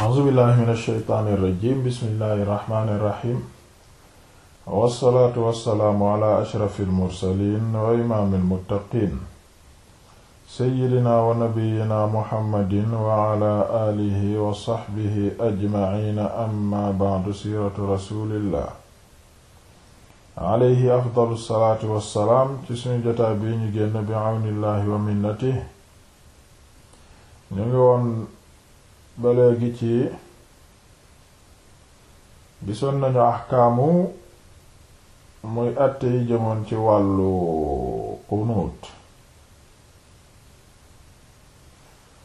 a'uuzu billahi min ash-shaytaani irrajim bismillahi irrahmani irrahim wassalaatu wassalaamu ala ashrafi almursalin wa imaami almuttaqin seyyidina wa nabiyina muhammadin wa ala aalihi wa saxbihi ajmaciina amma ba'du siiratu rasulillah alayhi afdalu salaatu wassalaam ci suñu jotaa bii ñu génn bi awnillahi wa minnatihi ñu ngi woon ba léegi ci gisoon nañu axkaamu muy àtte jëmoon ci wàllu xunuut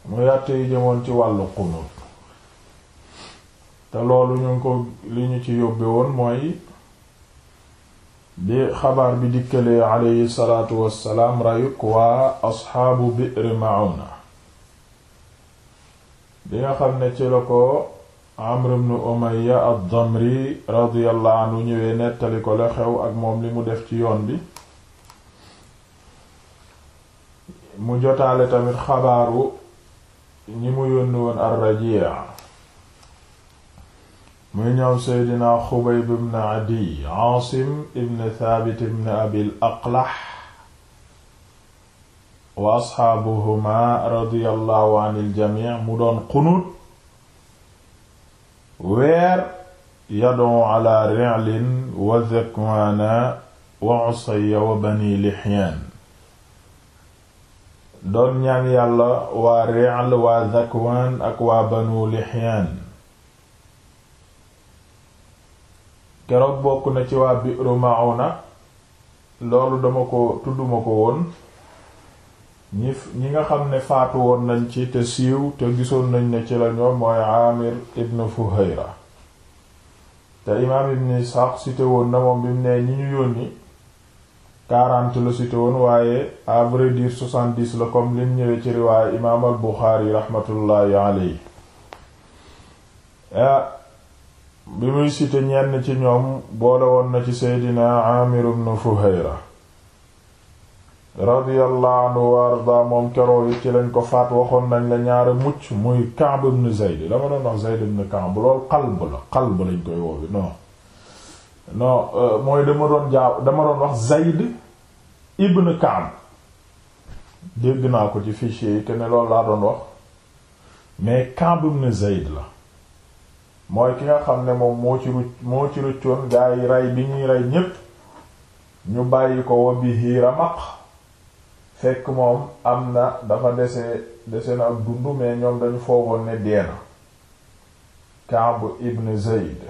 muy àtte jëmoon ci wàllu xunuut te loolu ñu ko li ñu ci yóbbe woon mooy bi xabaar bi dikkalee aleyhi salaatu wassalaam rayuk waa asxaabu bi'r ma'una bi nga xam ne ci la ko Amr ibn Umayya ad-Damri radiyallahu anhu ñëwee nettali ko la xew ak moom li mu def ci yoon bi mu jotaale tamit xabaaru ñi mu yónni woon ar-Raji' muy ñoom Seydina Xubayb ibn Adiy Aasim ibn Thaabit ibn Abil Aqlah wa asxaabuhuma radiyallahu anil jamii mu doon qunut weer yadoo ala ri'lin wa zakwaana wa usayya wa bani lixyaan doon ñaan yàlla waa ri'l waa zakwaan ak waa banu lixyaan keroog bokk na ci waa bi'ru ma'una loolu dama ko tudduma ko woon ñi ñi nga xam ne faatu woon nañ ci te siiw te gisoon nañ ne ci lañoo mooy Amir ibn Fuhayra te imaam ibn Isxaaq cité na moom bi mu nee ñi ñu yónni quarante la cité woon waaye à vrai dire soixante-dix la comme lim ñëwee ci riwaaya imaam al Buxaari raxmatullaahi alayhi ah, bi muy cité ñenn ci ñoom boole woon na ci Seydina Amir ibn Fuhayra radiyallahu anhu wa arda moom keroog yi ci lañ ko faat waxoon nañ la ñaari mucc muy Ka'b ibn Zayd dama doon lañ koy woowi non dama doon wax Zayd ibn Ka'b dégg naa ko ci fichier yi te ne laa doon wax mais Ka'b ibn Zayd la mooy ki nga xam ne moom moo ci rucc moo ci ruccoon gaa yi rey bi ñuy rey ñépp ñu bàyyi ko wa bihi ramaq fekk moom am na dafa dese dese na ak dundu mais ñoom dañu foogoon ne dee na ibn Zayd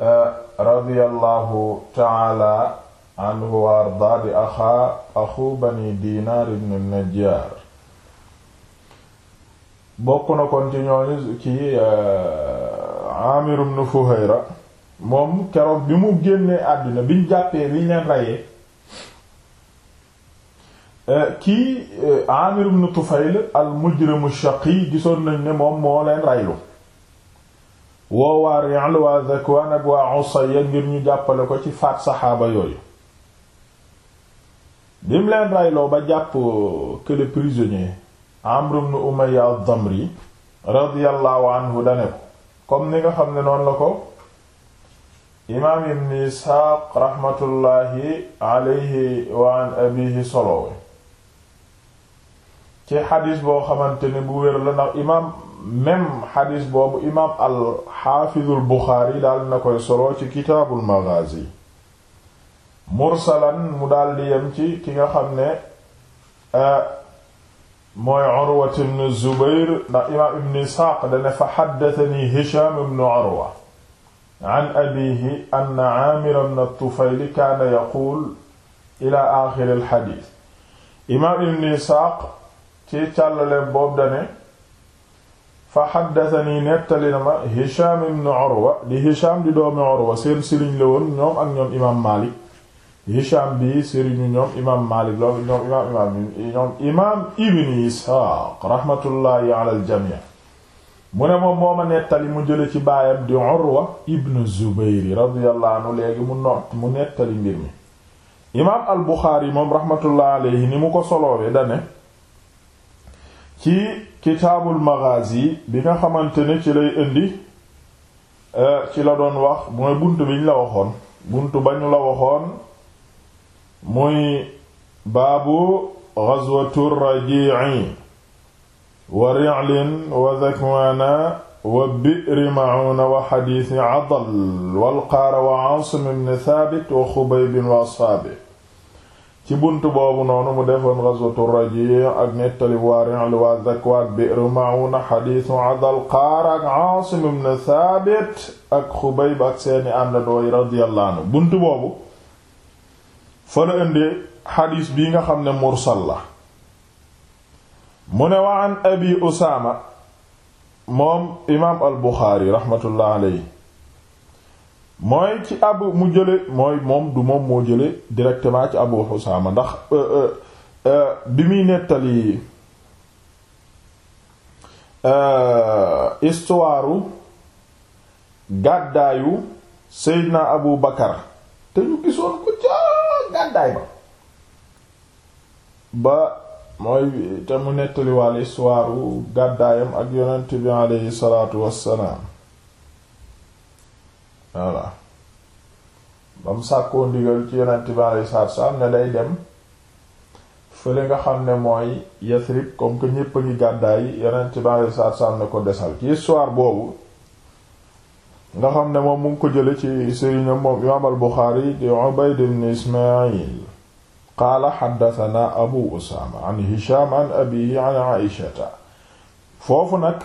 euh, radiyallahu taala anhu wa ardaa di bani Diinaar ibn Najjaar bokk na kon ci ñooñu ci Aamir euh, moom keroog bi mu génnee àddina biñ jàppee biñ leen reyee Euh, kii euh, Amir ibn Tufayl al mujrimu shaqi gisoon nañ ne moom moo leen raylu woo waa Ri'l waa Zakwaan waa Usayya ngir ñu jàppale ko ci faat saxaaba yooyu bim leen rayloo ba jàpp euh, que le prisonnier Amr ibn Umayya ad-Damri radiyallahu anhu dane ko ni nga xam ne noonu la ko imaam ibn Isxaaq raxmatullaahi alayhi wa an abiihi solowe ci xadis boo xamante ne bu wér la ndax imaam même xadis boobu imaam alxafidul buxaari daal na koy solo ci kitaabul maghazi mursalan mu daal di yem ci ki nga xam ne euh, mooy Urwa ibn Zubayr ndax imaam ibn Isxaaq dane fa xaddatani Hisham ibn Urwa an abiihi anna Aamir ibn Tufayl kaana yaquul ila aaxiril xadiis imaam ibn Isxaaq ci càllale boobu dane fa xaddatani nettali na ma hisham ibn urwa di hisham di doomi urwa seen sëriñ la woon ñoom ak ñoom imam malik hisham bi sëriñu ñoom imam malik loolu ñoom imam imam ñoom imam ibn isxaaq mu ne moom moo ma nettali mu jële ci baayam di urwa ibn zubayri radiyallahu anhu léegi mu nettali mbir mi imam al buxaari moom rahmatullahi alayhi ni mu ko soloowe dane ci kitaabul maghazi bi nga xamante ne ci lay indi euh, ci la doon wax mooy bunt biñ la waxoon bunt bañu la waxoon muy baabu ghazwatu raji'i wa ri'lin wa dhakwana wa bi'ri ma'una wa hadithi adal wal qaara wa asim ibn thabit wa khubayb wa ashaabi ci buntu boobu noonu mu defoon ghazwatu Raji' ak nettali waa Ri'l waa Zakwaan Bi'r Ma'uuna xadiisu Adal Qaar ak Aasim Saabit ak Xubayb seeni àndandoo yi radiyallahu anhu boobu fa la indi xadiis bii nga xam ne mursal la mu ne wa an Abi Usaama moom imaam al Buxaari raxmatullahi alayhi mooy ci abu mu jële mooy moom du moom moo jële directement ci abu Husaama ndax euh, euh, euh, bi muy nettali histoire gàddaayu na Abu Bakar te ñu gisoon ko ca gàddaay ba ba mooy te mu nettaliwaal histoire gàddaayam ak yonent bi aleyhi salaatu wassalaam voilà ba mu sàkkoo ndigal ci yonent bi alayhi salaatu salaam ne day dem fële nga xam ne mooy Yasrib comme que ñépp a ngi gàddaay yonent bi alayhi salaatu salaam ne ko desal ci histoire boobu nga xam ne moom mu ngi ko jële ci sëriñam moom imaam al Buxaari di Ubayd ibn Ismaayil qaala xaddathana Abu Usaama an Hishaam an abiihi an Aysata foofu nag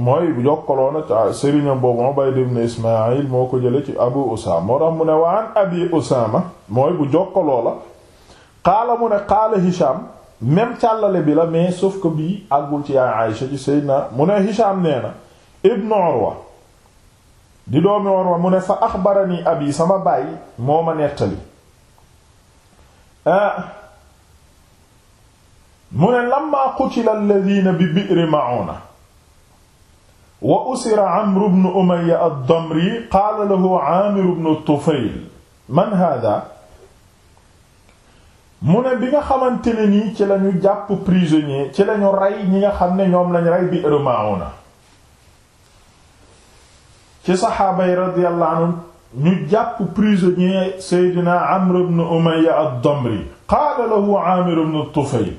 mooy jokkaloona ca sëriñam boobu Ubayd ibn Ismaïl moo ko jële ci Abu Usaama moo tax mu ne waan Abi Usaama mooy bu jokkaloo la qaala mu ne qaala Hisham même càllale bi la mais sauf que bii àggul ci yaay Aïsha ci Seydina mu ne Hisham nee ibnu Urwa di doomi Urwa mu ne fa axbarani abi sama baay moo ma nettali ah, mu ne lamma qutila alladhina bi bi'ri ma'una wa usira amru bnu umayya ad-damri qaala lahu aamiru bnu tufayl man haadaa mu ne bi nga xamante ne nii ci lañu jàpp prisonnier ci lañu rey ñi nga xam ne ñoom lañu rey bi Irmaawuna ci saxaaba yi radiyallahu anhu ñu jàpp prisonnier seydina amru bnu umayya ad-damri qaala lahu aamiru bnu tufayl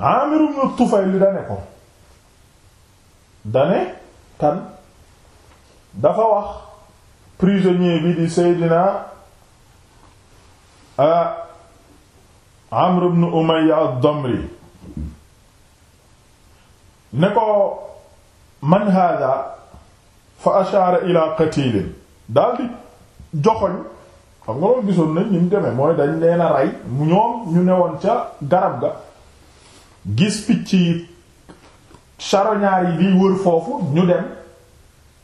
aamiru bnu tufayl da ne ko dane kan dafa wax prisonnier bi di Seydina Amr ibn Umayya ad-Damri ne ko man fa ashaara ila qatilin daal di joxoñ xam nga loolu gisoon nañ ni mu demee mooy dañ leen a rey ñoom ñu newoon ca garab ga gis picc yi charognard yi biy wër foofu ñu dem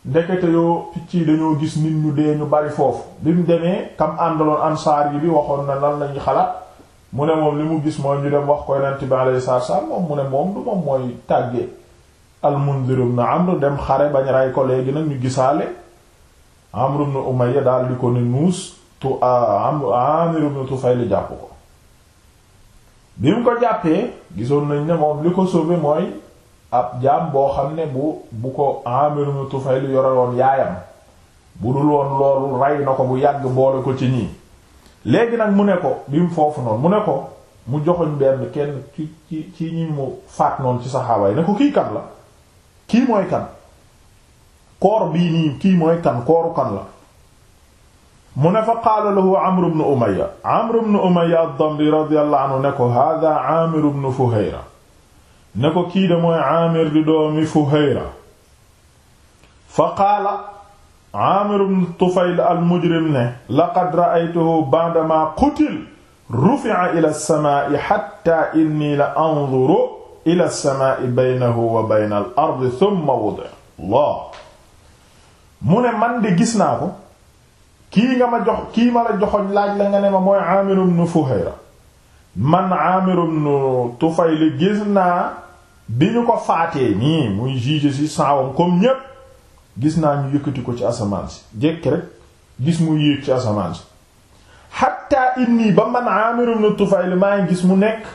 ndekete yoo picc yi dañoo gis nit ñu dee ñu bari foofu bi mu demee kam àndaloon ansaar yi bi waxoon na lan lañuy xalaat mu ne moom li mu gis mooy ñu dem wax ko yonent bi alayhi salaam moom mu ne moom du moom mooy tàggee al-Mundir ibn Amr dem xare bañ rey ko léegi nag ñu gisaale Amr ibn Umayya daal di ko ne nuus tu Amir ibn Tufayl jàpp ko bi mu ko jàppee gisoon nañ ne moom li ko sauvé mooy ab jaam boo xam ne bu bu ko Amir ibn Tufayl yore woon yaayam bu dul woon loolu rey na ko bu yàgg boole ko ci nii léegi nag mu ne ko bi mu foofu noonu mu ne ko mu joxoñ benn kenn ci ci ci ñi mu faat noonu ci saxaaba yi ne ko kii kan la kii mooy kan koor bii nii kii mooy kan kooru kan la mu ne fa qaala lahu Amr ibn Umayya Amr ibn Umayya ad ne ko hada Amir ibn Fuhayra ne ko kii mooy Aamir di doomi Fuhayra fa qaala Aamir ibn Tufayl al-mujrim ne laqad ra'aytuhu ba'dama qutil rufi'a ila as-samaa'i hatta la anzuru ila as-samaa'i wa bayna al-ardi thumma mu ne man de gis kii ma jox kii ma ne ma mooy Aamir ibn Fuhayra man Aamir ibn Tufayl gis bi ñu ko faatee nii muy juge ci saawam comme ñépp gis naa ñu yëkkati ko ci asamaan si jékki rek gis mu yéeg ci asamaan si xatta inni ba man Aamir ibn Tufayl maa ngi gis mu nekk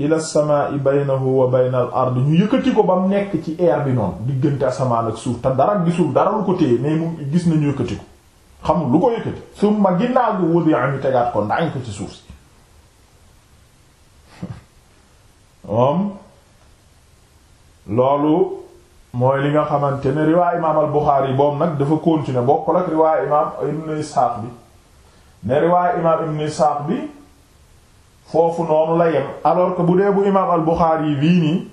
ila samaa'i baynahu wa bayna al ard ñu yëkkati ko ba mu nekk ci air bi noonu diggante asamaan ak suuf te dara gisul dara lu ko téye mais mu gis nañu yëkkati ko xamul lu ko yëkkati summa ginnaaw gi wudi am ñu tegaat ko ndaañ ko ci suuf si moom loolu mooy li nga xamante ne riwaay imaam al Buxaari boobu nag dafa continuer bokkul ak riwaay imaam Ibn Isxaaq bi ne riwaay imaam Ibn Isxaaq bi foofu noonu la yem alors que bu dee bu imaam al Buxaari bii nii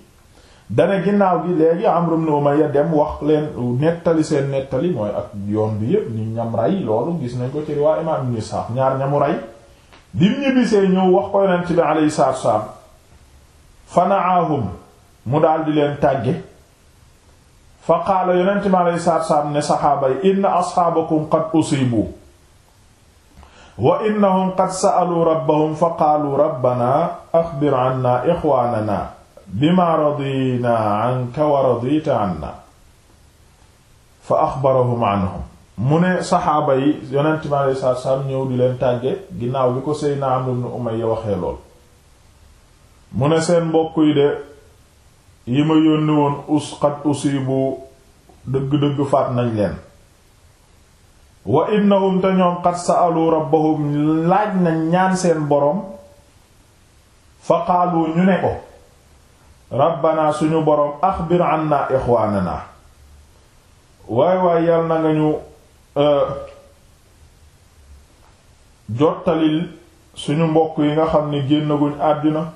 dana ginnaaw gi léegi Amr ibn Umayya dem wax leen nettali seen nettali mooy ak yoon bi yépp ni ñam rey loolu gis nañ ko ci riwaay imaam Ibn Isxaaq ñaar ñamu rey lim ñibbisee ñëw wax ko yonent bi alayhi salaatu wa salaam fanaahum mu daal di leen tàgge fa qaala yonent mi aleyhi salaatu salaam ne saxaaba yi inna asxaabakum qad usiibu wa innahum qad sa'alu rabbahum fa qaalu rabbana axbir anna ixwaanana bima radina anka wa radita anna fa axbarahum anhum mu ne saxaaba yi yonent mi aleyhi salaatu salaam ñëw di leen tàgge ginnaaw bi ko Seydina Amru ibn Umayya waxee lool mu ne seen mbokk yi de yi ma yónni woon us xat usibu dëgg-dëgg faat nañ leen wa innahum te ñoom xat sa'alu rabbahum laaj nañ ñaan seen boroom fa qaalu ñu ne ko rabbana suñu boroom axbir anna ixwaanana waay waay yal na nga ñu euh, jottalil suñu mbokk yi nga xam ne génnaguñ àddina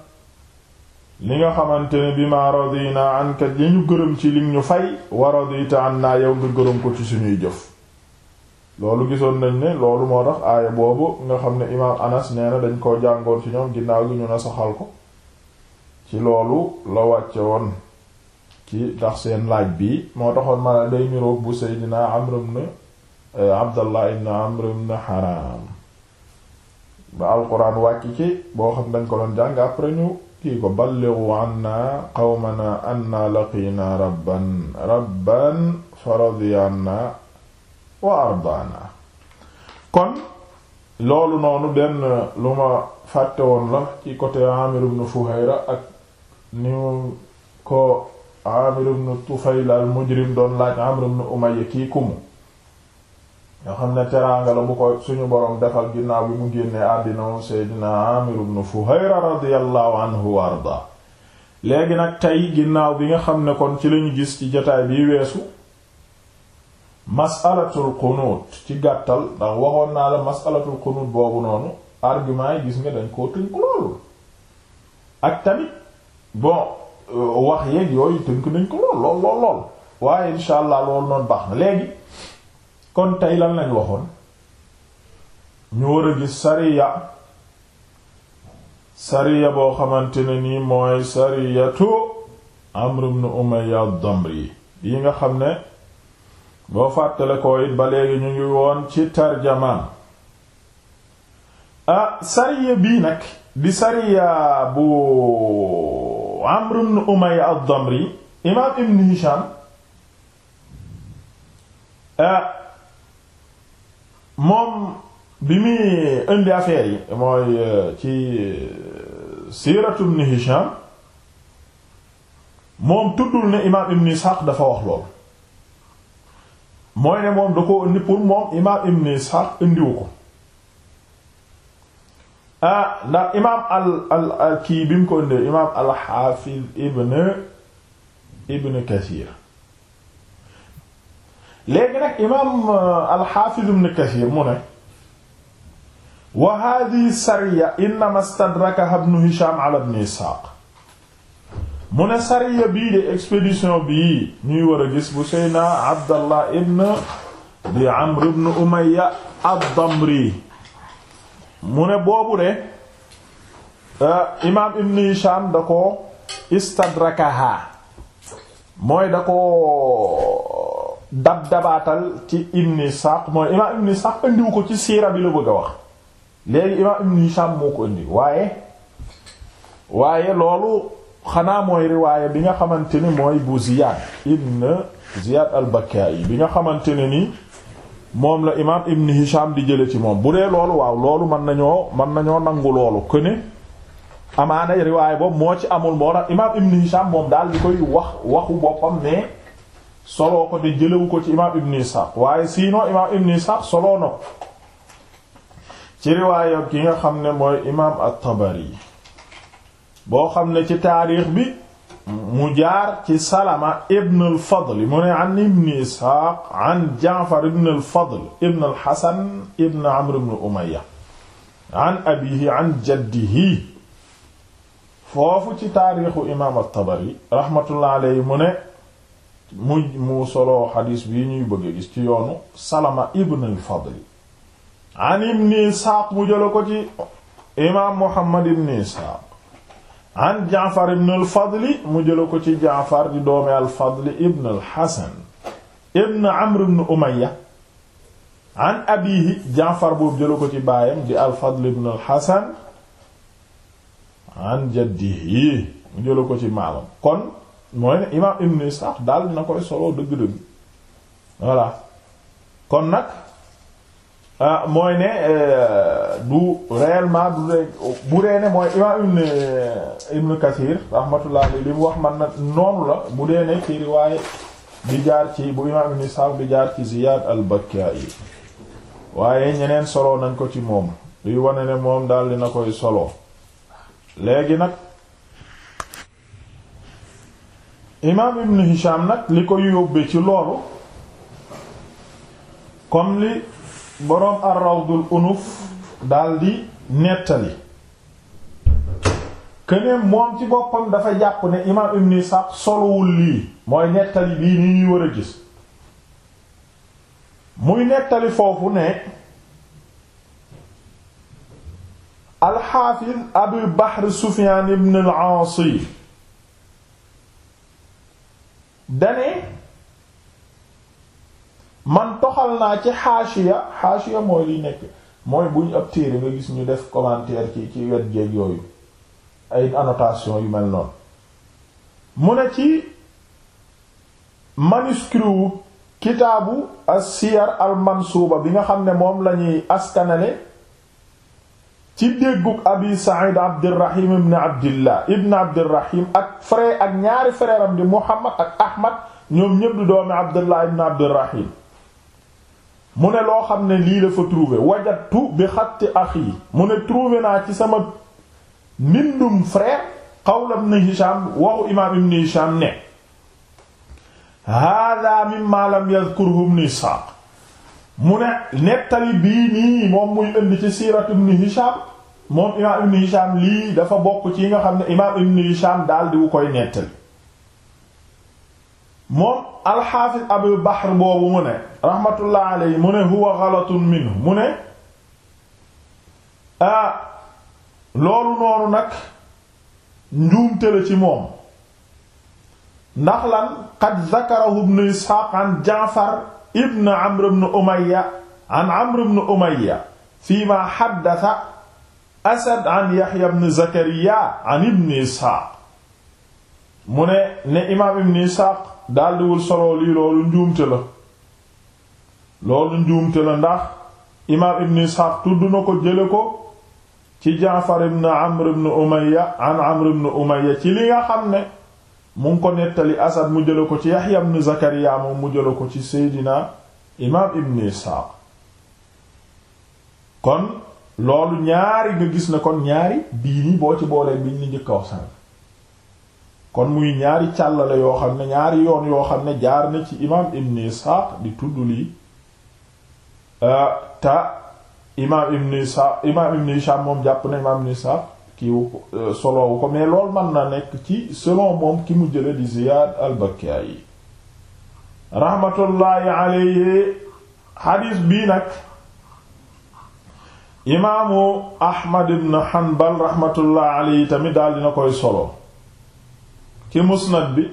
li nga xamante ne bi ma radina anka li ñu gërëm ci li ñu fay wa radita anna yow nga gërëm ko ci suñuy jëf loolu gisoon nañ ne loolu moo tax aaya boobu nga xam ne imaam anas nee dañ koo jàngoon ci ñoom ginnaaw gi ñu na saxal ko ci loolu la wàcce woon ci tax seen laaj bi moo taxoon ma day niroog bu seydina amr ibn eh, abdallah ibn amr ibn haram ba alquran wàcc ci boo xam dañ ko doon jàng après ñu kii ko ballighu anna qawmana anna laqiina rabban rabban faradiyanna wa ardaana kon loolu noonu benn lu ma fàtte woon la ci côté Amir ibn Fuhayra ak ni ko Amir ibn Tufayl al mujrim doon laaj Amr ibn Umayya kii kumu nga xam ne teraanga la bu ko suñu borom defal ginnaaw bi mu génnee àddina moom seydina Amir ibn Fuhayra anhu wa arda léegi nag tey ginnaaw bi nga xam ne kon ci lañu gis ci jotaay bi weesu masalatul qunut ci gàttal ndax waxoon naa la masalatul qunut boobu noonu argument yi gis nga dañ koo tënk loolu ak tamit bon wax yeeg yooyu tënk nañ ko lool lool lool waaye insha allah loolu noonu baax na léegi kon tey lal lañ waxoon ñu war a gis sariya sariya boo xamante ne nii mooy sariyatu Amr ibn Umayya ad-Damri yi nga xam ne boo fàttale ko it ba léegi ñu ngi woon ci tarjamaan ah sariya bii nag di sariya bu Amr ibn Umayya ad-Damri imaam Ibn Hisham ah moom bi muy indi affaire yi mooy euh, ci euh, siiratu ibn Hisham moom tuddul ne imaam ibn Ishaq dafa wax lool mooy ne moom da ko indi pour moom imaam ibn Ishaq indiwu ko ah, ndax imaam al al kii bi mu ko indee imaam al-Hafiz ibn ibn Kathir léegi nag imaam euh, alxaafiz ibn Kasiir mu ne wa haadihi sariya innama stadrakaha ibnu Hishaam ala ibn Isxaaq mu ne sariya bii de expédition bii ñuy war a gis bu Seydina Abdallah ibn di Amr ibn Umayya ad-Damri mu ne boobu de euh, imaam ibn Hishaam da ko istadrakaha mooy da ko dab dabaatal ci Ibn Ishaq mooy imaam Ibn Ishaq indiwu ko ci siira bi la bëgg a wax léegi imaam Ibn Hisham moo ko indi waaye waaye loolu xanaa mooy riwaaya bi nga xamante ni mooy bu Ziyad bi nga xamante ne ni moom la imaam Ibn Hisham di jële ci moom bu dee loolu waaw loolu mën nañoo mën nañoo nangu loolu këne amaana riwaaya boobu moo ci amul moo tax imaam Ibn Hisham moom daal di koy wax waxu boppam ne soloo ko te jëlewu ko ci imaam ibn Ishaq waaye sinon imaam ibn Ishaq soloo na ko ci riwaaya ki nga xam ne mooy imaam at-Tabari boo xam ne ci taariix bi mu jaar ci Salama ibn al-Fadl mu ne an ibn Ishaq Ja'far ibn al-Fadl ibn al-Hasan ibn Amr ibn Umayya abiihi an jaddihi foofu ci taariixu imaam at-Tabari raxmatullahi alayhi mu ne mu mu solo xadiis bi ñuy bëgg a gis ci yoonu salama ibn al-Fadl an ibn Isaaq mu jëla ko ci imaam Muhammad ibn Isaaq an Jaafar ibn al-Fadl mu jëla ko ci Jaafar di doomi al-Fadl ibn al-Hasan ibn Amr ibn Umayya an abiihi Jaafar boobu jëla ko ci baayam di al-Fadl ibn al-Hasan an jaddihi mu jëla ko ci maalam mooy ne imaam Ibn Ishaq daal dina koy solo dëgg-dëgg voilà kon nag ah, mooy ne euh, du réellement du rek bu dee ne mooy imaam Ibn euh, Ibn Kathir rahmatullah li mu wax man nag noonu la bu dee ne ci riwaaye di jaar ci bu imaam Ibn Ishaq di jaar ci Ziyad al-Bakka'i waaye ñeneen solo nañ ko ci moom luy wane ne moom daal dina koy solo léegi nag. imaam ibn Hisham nag li koy yóbbee ci loolu kon li boroom ar-Rawdul Unuf daldi nettali këne moom ci boppam dafa jàpp ne imaam ibn Ishaq solowul lii mooy nettali bii ni ñuy war a gis muy nettali foofu ne al-Hafiz Abu Bahr ibn al dane man toxal naa ci xaashiya xaashiya mooy li nekk mooy bu ñu ab téere nga gis ñu def commentaire ci ci wet jeeg yooyu ay anotation yu mel noonu mu ne ci manuscrit wu kitaabu as-siyar bi nga xam ne moom lañuy askanale ci déggug abi said abdirahim ibn abdillah ibn abdirahim ak frère ak ñaari frère am di muhammad ak ahmad ñoom ñëpp di doomi abdillah ibn abdirahim mu ne loo xam ne lii la fa trouvé wajatu bi xatti axi mu ne trouvé naa ci sama mbindum frère qawla ibn hisham waxu imaam ibn hisham ne hada mimma lam yadhkurhu ibn ishaq mu ne nettali bii nii moom muy indi ci siiratu ibn Hisham moom imaam ibn Hisham lii dafa bokk ci yi nga xam ne imaam ibn Hisham daal di koy nettali moom alxaafiz Abu Bahr boobu mu ne rahmatullah alayhi mu ne huwa ghalatun minhu mu ne ah loolu noonu nag njuumte la ci moom ndax lan qad zakarahu ibn Ishaq an ibn amr ibn umayya an amr ibn umayya fiima xaddasa asad an yaxya ibn zakariya an ibn isxaaq mu ne ne imaam ibn isxaaq daldiwul solo lii loolu njuumte la loolu njuumte la ndax imaam ibn isxaaq tudd na ko jële ko ci jaafar ibn amr ibn umayya an amr ibn umayya ci li nga xam ne mu ngi ko nettali Asad mu jëla ko ci Yahya ibn Zakariya moom mu jëla ko ci Seydina imaam Ibn Isxaaq kon loolu ñaari nga gis na kon ñaari bii nii boo ci boolee biñ ni njëkk a wax kon muy ñaari càllale yoo xam ne ñaari yoon yoo xam ne jaar na ci imaam Ibn Isxaaq di tudd lii euh, ta imaam Ibn Isxaaq imaam Ibn Hishaam moom jàpp na imaam Ibn Isxaaq kiiw euh, solowu ko mais lool man na nekk ci selon moom ki mu jële di Ziyaad al-Bakkaay rahmatullahi alayhi xadiis bii nag imaamu Ahmad ibn Hanbal rahmatullahi alayhi tamit daal dina koy solo ci musnad bi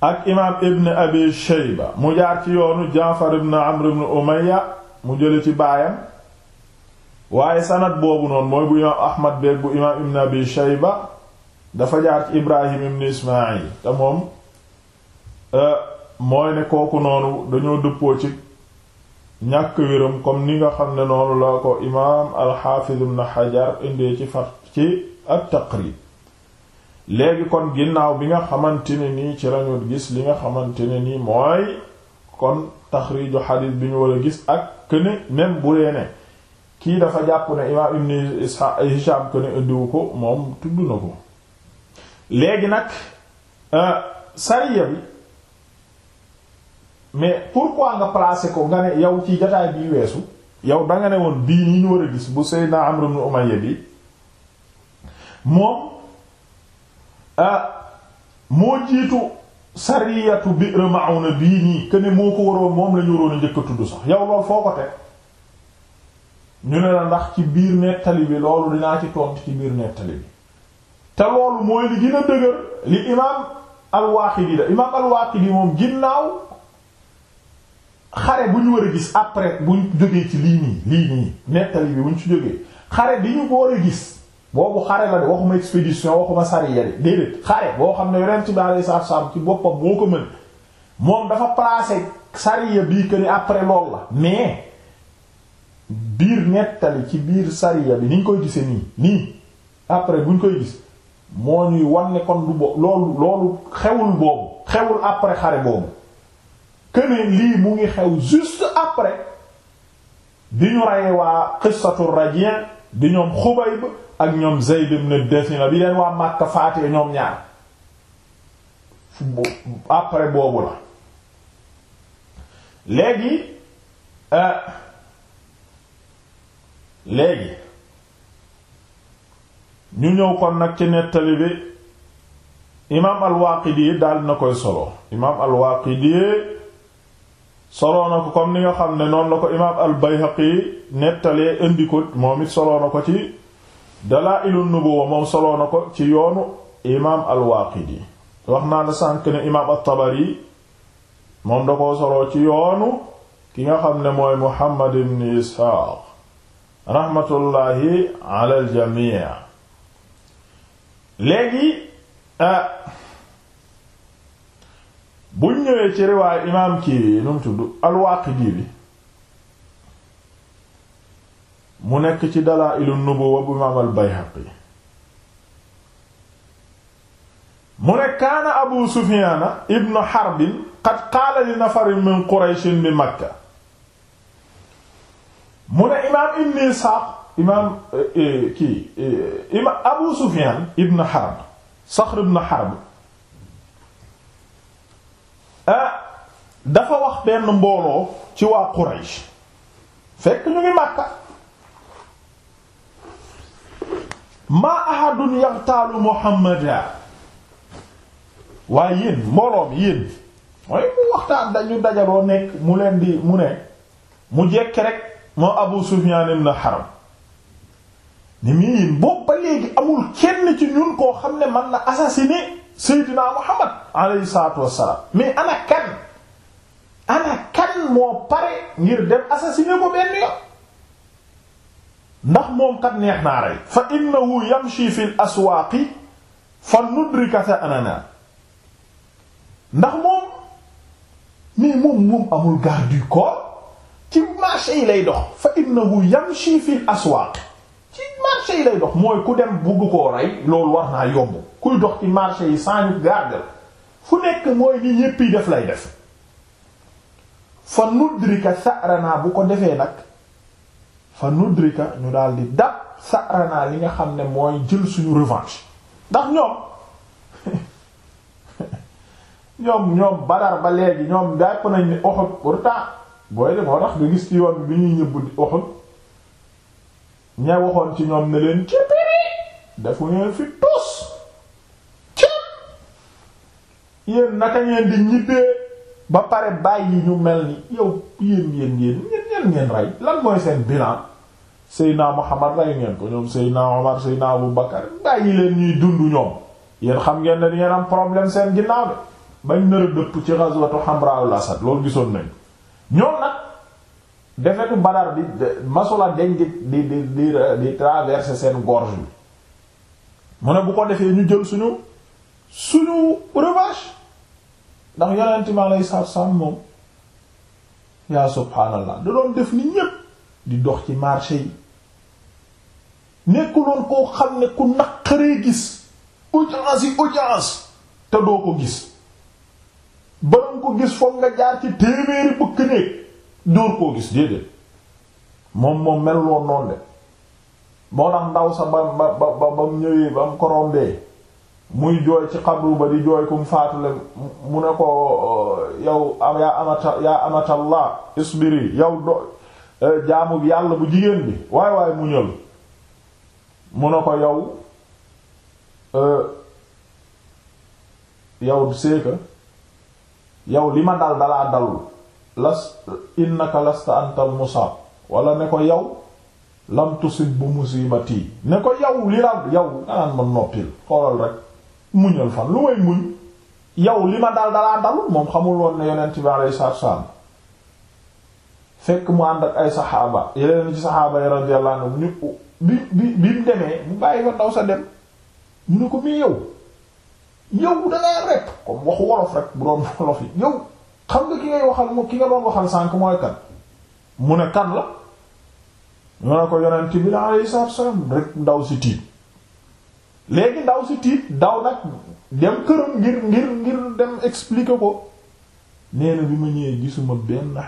ak imaam ibn Abi Shayba mu jaar ci yoonu Jaafar ibn Amr ibn Umayya mu jële ci baayam waaye sanad boobu noonu mooy bu imaam ahmad beeg bu imaam ibn abi shayba dafa jaar ci ibrahim ibn ismail te moom euh, mooy ne kooku noonu dañoo dëppoo ci ñàkk wéram comme ni nga xam ne noonu la ko imaam alxaafiz ibn xajar indee ci fat ci ak taqrib léegi kon ginnaaw bi nga xamante ne nii ci lañu gis li nga xamante ne nii mooy kon taxriiju xadiis bi ñu war gis ak këne même bu dee ne kii dafa jàpp ne imaam ibn Ishaq Hisham ko ne indiwu ko moom tudd na ko léegi nag euh, sariya bi mais pourquoi nga placer ko nga ne yow ci jotaay bi weesu yow da nga ne woon bii nii ñu war a gis bu Seydina Amr ibn Umayya bi moom euh, moo jiitu sariyatu Bi'r Ma'una bii nii que ne moo ko waroon moom la ñu waroon a njëkk a tudd sax yow loolu foo ko teg ñu ne la ndax ci biir nettali bi loolu dinaa ci tontu ci biir nettali bi te loolu mooy li gën a dëgër li imaam al-Waaqidi da imaam al moom ginnaaw xare bu ñu war a gis après bu ñu jógee ci lii nii lii nii nettali bi bu ñu ci jógee xare bi ñu ko war a gis boobu xare la de waxuma expédition waxuma sariya de déedéet xare boo xam ne yonent bi alayhi salaatu salaam ci boppam moo ko mën moom dafa placé sariya bii que ni après loolu la mais. biir nettali ci biir sariya bi ni ñu koy gise nii nii après bu ñu koy gis moo ñuy wan kon loolu loolu xewul boobu xewul après xare boobu keneen lii mu ngi xew juste après bi ñu rey waa qissatu rajien di ñoom xubayb ak ñoom zayd ibn desina bi leen waa Makka faatee ñoom ñaar après boobu la léegi euh, léegi ñu ñëw kon nag ci nettali bi imaam al-Waaqidi daal na koy solo imaam al-Waaqidi solo na ko comme ni nga xam ne noonu la ko imaam al-Bayhaqi nettalee indi ko moom it solo na ko ci Dalaa'ilu Nubuwwa moom solo na ko ci yoonu imaam al-Waaqidi wax naa la sànk ne imaam at-Tabari moom da koo solo ci yoonu ki nga xam ne mooy Muhammad ibn raxmatullaahi alal jamii léegi euh, buñ ñëwee ci riwaay imaam kii nu mu tudd al-Waaqidi bi mu nekk ci Dalaa'ilu Nubuwwa bu imaam al-Bayhaqi mu ne kaana Abu Sufyaana ibnu Harbin qad qaala li nafarin min Qurayshin bi Makka mu ne imaam ibn Isaaq imaam eh, eh, kii eh, imaam Abu Sufyaan ibn Harb Saxr ibn Harb dafa wax benn mbooloo ci waa Quraysh fekk ñu ngi Makka maa ahadun yaqtaalu Muhammadan waaye yéen mbooloo mi yéen mooy mu waxtaan dañu dajaloo nekk mu leen di mu ne mu jekki rek moo Abu Sufyan ibn Harb ni mii boobu ba léegi amul kenn ci ñun koo xam ne mën na assassiner Seydina Muhammad alayhi salaatu wassalaam mais ana kan ana kan moo pare ngir dem assassiner ko benn yoon ndax moom kat neex naa rey fa innahu yamshi fil aswaaqi fa nudrika anana ndax moom mais moom moom amul garde du corps marché yi lay dox fa innahu yamshi fil aswaaq ci marché yi lay dox mooy ku dem bugg ko rey loolu war naa yomb kuy dox ci marché yi sans ñu fu nekk mooy ni ñépp yi def lay def fa nudrika sa'rana bu ko defee nag fa nudrika ñu daal di dab sa'rana li nga xam ne mooy jël suñu revanche ndax ñoom ñoom ñoom Badar ba léegi ñoom jàpp nañ ni Uhud pourtant booy de moo tax nga gis ci yoon bi ñuy ñëbb di Uhud ña waxoon ci ñoom ne leen ci piri dafu ngeen fi tus ci yéen naka ngeen di ñibbee ba pare bàyyi ñu mel ni yow yéen yéen yéen ñeen ngeen rey lan mooy seen bilan Seydina Muhammad rey ngeen ko ñoom Seydina Omar Seydina Abu Bakar bàyyi leen ñuy dund ñoom yéen xam ngeen ne di ngeen am problème seen ginnaaw de bañ a dëpp ci ghazwatu Hamra asad loolu gisoon nañ ñoom nag defetu Badar bi masula dañ di di di di traverser seen gorge bi mu ne bu ko defee ñu jël suñu suñu revanche ndax yonenti ma lay saab saab moom yaa subhaanallah da doon def ni ñépp di dox ci marché yi nekkuloon koo xam ne ku naqaree gis audience yi audience te doo ko gis balañ ko gis foog nga jaar ci téeméeri bëkk néeg dóor koo gis déedéet moom moom mel loon noonu de moo tax ndaw sa ba ba ba ba mu ñëwee ba mu ko muy jooy ci xabru ba di jooy kum faatule mu ne ko oh, yow yaa amata amatallah isbiri yow do eh, jaamu yàlla bu jigéen bi waay waay mu ñël mu ne ko yow eh, yow c'est yow li ma dal dalaa dalul las innaka lasta antal musaab wala ne ko yow lam tusib bu musibati ne ko yow li la yow nga naan ma noppil xoolal rek muñal fan lu may muñ yow li ma dal dalaa dalul moom xamul woon ne yonent bi alayhi salaatu wassalaam fekk mu ànd ak ay saxaaba yeneen ci saxaaba yi radiyallahu anhum bi bi bi mu demee mu bàyyi ko ndaw sa dem ñu ne ko mii yow yow da ngaa rep comme waxu wolof rek bu doon wolof yi yow xam nga ki ngay waxal moom ki nga doon waxal sànq mooy kan mu ne kan la ñu ne ko yonent bi la alayhi salaam rek ndaw si tiit léegi ndaw si tiit daw nag dem këram ngir ngir ngir dem expliquer ko nee na bi ma ñëwee gisuma benn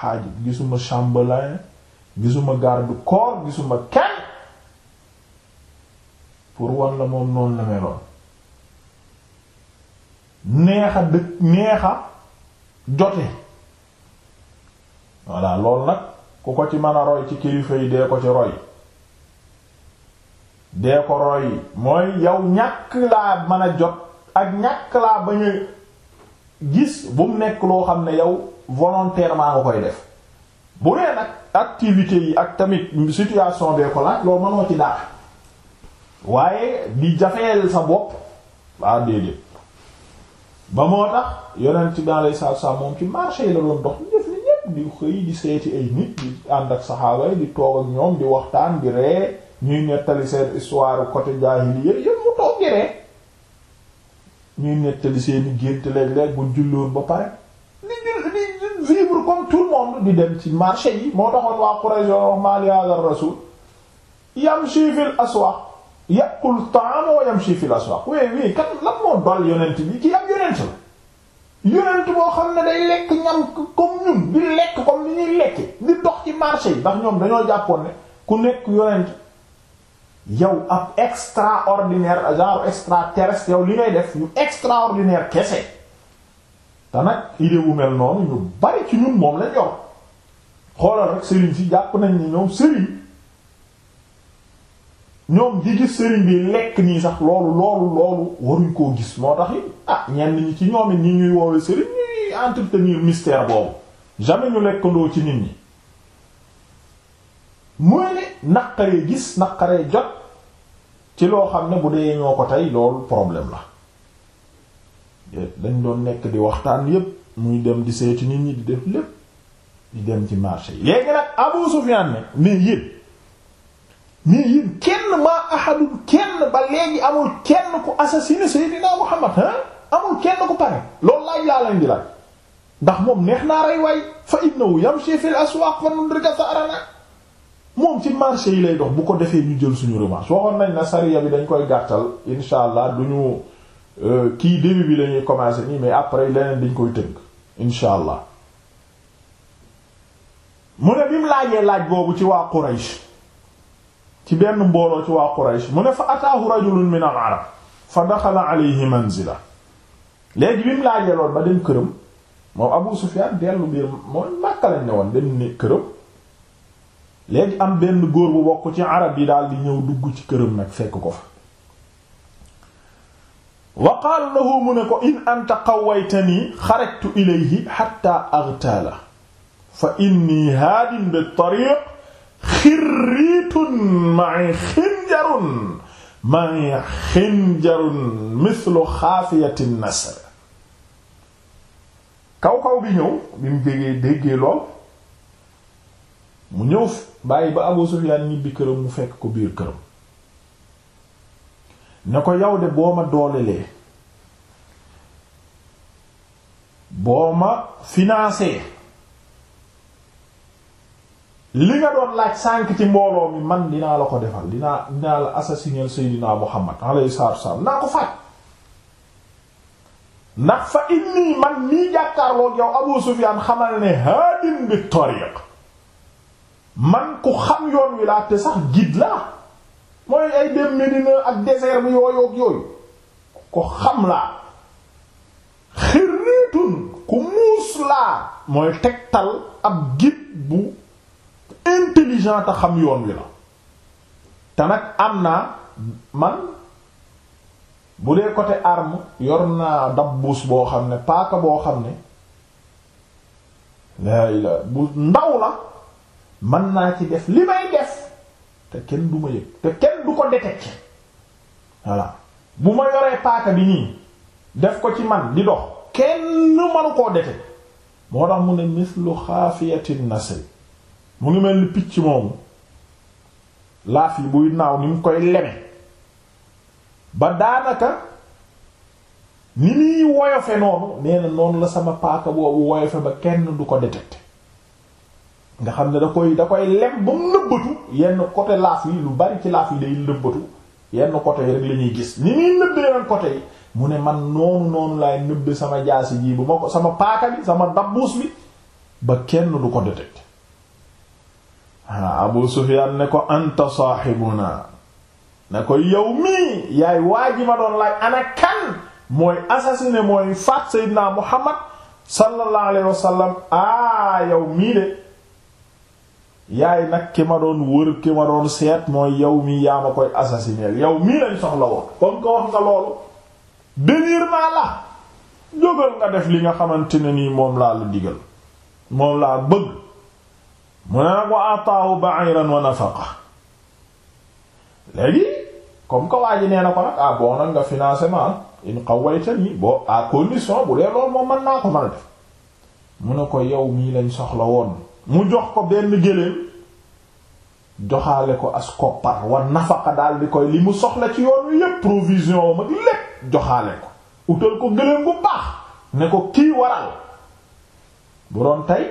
xaaji gisuma chambellan gisuma garde corps gisuma kenn pour wan la moom noonu la neexa dëkk neexa jote voilà loolu nag ku ko ci mën a roy ci kilifa yi dee ko ci roy dee ko roy mooy yow ñàkk laa mën a jot ak ñàkk laa bañ a gis bu mu nekk loo xam ne yow volontairement nga koy def bu nee nag activités yi ak tamit situation bee ko laaj loolu mënoo ci daax waaye di jafeel sa bopp waa déedéet ba moo tax yonent ci alayhi salaatu salaam moom ci marché yi la doon dox def ni ñépp di xëy di seeti ay nit di ànd ak saxaaba yi di toog ak ñoom di waxtaan di ree ñuy nettali seen histoire côté jaahiliya yépp mu toog di ree ñuy nettali seeni gént léeg-léeg bu ba pare di di vivre comme tout monde di dem ci marché yi moo taxoon waa Quraysh wax maa li haaza rasul yamshi fil aswaq yàqul ta'am wa yamshi fil aswaq oui oui kat lan moo dal yonent bi kii ak yonent la yonent boo xam ne day lekk ñam comme ñun di lekk comme ni ñuy lekk di dox ci marché yi ndax ñoom dañoo jàppoon ne ku nekk yonent yow ab extraordinaire genre extraterrestre yow li ngay def yu extraordinaire kese te nag idée wu mel noonu ñu bari ci ñun moom lañ yor xoolal rek sëriñ si jàpp nañ ni ñoom sëriñ ñoom di gis sëriñ bi lekk nii sax loolu loolu loolu waruñ koo gis moo tax it ah ñenn ñi ci ñoom it ñuy woowe sëriñ ñuy entretenir mystère boobu jamais ñu lekkandoo ci nit ñi mooy ne naqaree gis naqaree jot ci loo xam ne bu dee ñoo ko tey loolu problème la dañ doon nekk di waxtaan yépp muy dem di seeti nit ñi di def lépp di dem ci marché yi léegi nag Abu Sufyan ne mais yépp mais yéen kenn maa ahadul kenn ba léegi amul kenn ku assassiné Seydina Muhammad ah amul kenn ku pare loolu laaj laa lañ di laaj ndax moom neex naa rey waay fa innahu yamshi fil aswaq fa nudrika sa'rana moom ci marché yi lay dox bu ko defee ñu jël suñu revanche waxoon nañ na sariya bi dañ koy gàttal insha allah duñu euh, kii début bi lañuy commencer nii mais après leneen dañ koy tënk insha allah mu ne bi mu laajee laaj boobu ci waa Quraysh ci benn mbooloo ci waa Quraysh mu ne fa ataahu rajulun min al arab fa daxala alayhi manzila léegi bi mu laajee lool ba dem këram moom Abu Sufyaan dellu biir mooy Makka lañ ne woon dem ne këram léegi am benn góor bu bokk ci arab yi daal di ñëw dugg ci këram nag fekk ko fa wa qaala lahu mu ne ko in anta qawwaytanii xarajtu ilayhi hatta aghtala fa inni haadin bit tariiq ma ma'i xinjarun ma'i xinjarun mithlu xaafiyati nasr kaw kaw bi ñëw bi mu déggee déggee lool mu ñëw bàyyi ba Abu Sufyaan ñibbi këram mu fekk ko biir këram ne ko yow de boo ma doolelee boo ma financé li nga doon laaj sànk ci mbooloo mi man dinaa la ko defal dinaa dinaa la assassiner Seydina Muhammad alayhi salaatu wasallam naa ko faat ndax fa inni man nii jàkkaarloog yow Abu Sufyaan xamal ne haadin bi tariq man ku xam yoon wi laa te sax guide laa mooy ay dem Medina ak désert bi yooyu yooyu ko xam laa xirriitun ku muus laa mooy tegtal ab guide bu intelligent te xam yoon wi la te nag am naa man bu dee côté arme yor naa dabbuus boo xam ne paaka boo xam ne laa ilaa bu ndaw la mën naa ci def li may def te kenn du ma yëg te kenn du ko détecté voilà bu ma yoree paaka bi nii def ko ci man di dox kenn manu koo détecté moo tax mu ne mislu xaafiyatin nasl mu ngi mel ni picc moomu laaf yi buy naaw ni mu koy leme ba daanaka ni muy woyofe noonu nee na noonu la sama paaka boobu woyofe ba kenn du ko détecté nga xam ne da koy da koy lem ba mu nëbbatu yenn côté laaf yi lu bari ci laaf yi day yenn côté yi rek la gis ni muy nëbbe yeneen côté yi mu ne man noonu noonu laay nëbbe sama jaasi ji bu ma ko sama paaka bi sama dabbuus bi ba kenn du ko détecté Abu Sufyaan ne ko anta saaxibuna ne ko yow mii yaay waa ji ma doon laaj ana kan mooy assassiné mooy faat Seydina Muhammad sallallahu alayhi wa aa ah, yow mii de yaay nag ki ma doon wër ki ma doon seet mooy yow mii yaa ma koy assassiné yow mii lañ soxla woon comme ko wax nga loolu bénir naa la jógal nga def li nga xamante ni nii moom laa la digal moom laa bëgg mu ne nag wa ataahu ba'iran wa nafaqa léegi comme que waa ji nee na ko nag ah bon nag nga financé ma am in qawwaytani boo à condition bu dee loolu moom mën naa ko mën a mu ne ko yow mii lañ soxla woon mu jox ko benn géléem joxaale ko as wa nafaqa daal di koy li mu soxla ci yoon wi yépp provision mag lépp joxaale ko utal ko géléem bu baax ne ko kii waral bu doon tey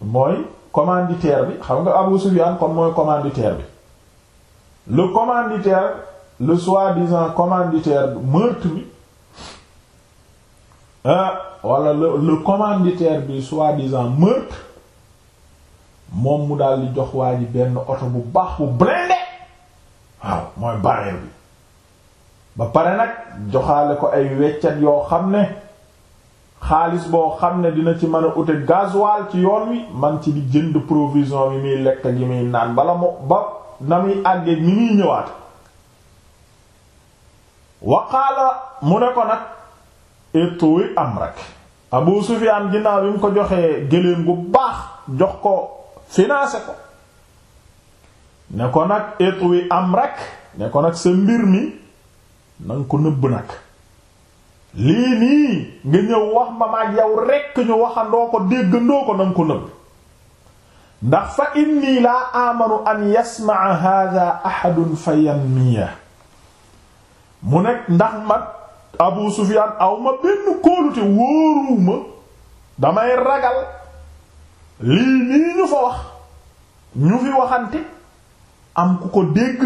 mooy commanditaire bi xam nga Abu Sufyan comme mooy commanditaire bi le commanditaire le soi-disant commanditaire meurtre bi ah wala le le bi soi-disant meurtre moom mu daal di jox waa ji benn oto bu baax bu blindé waaw mooy barrière bi ba pare nag joxaale ko ay weccat yoo xam ne. xaalis boo xam ne dina ci mën a ute gasoil ci yoon wi man ci di jënd provision bi muy lekk gi muy naan bala mu ba na muy àggee ni muy ñëwaat waqaala mu ne ko nag étuwi am rek Abu Sufyaan ginnaaw bi mu ko joxee gëléem gu baax jox ko financé ko ne ko nag étuwi am rek ne ko nag sa mbir mi nanga ko nëbb nag lii nii nga ñëw wax ma maag yow rekk ñu waxandoo ko déggandoo ko nanga ko nëbb ndax fa inni laa amanu an yasmaa hada ahadun fa yanmiya mu nekk ndax mag abu sufiyaan aw ma benn kóolute wóoruwuma damay ragal lii nii ñu fa wax ñu fi waxante am ku ko dégg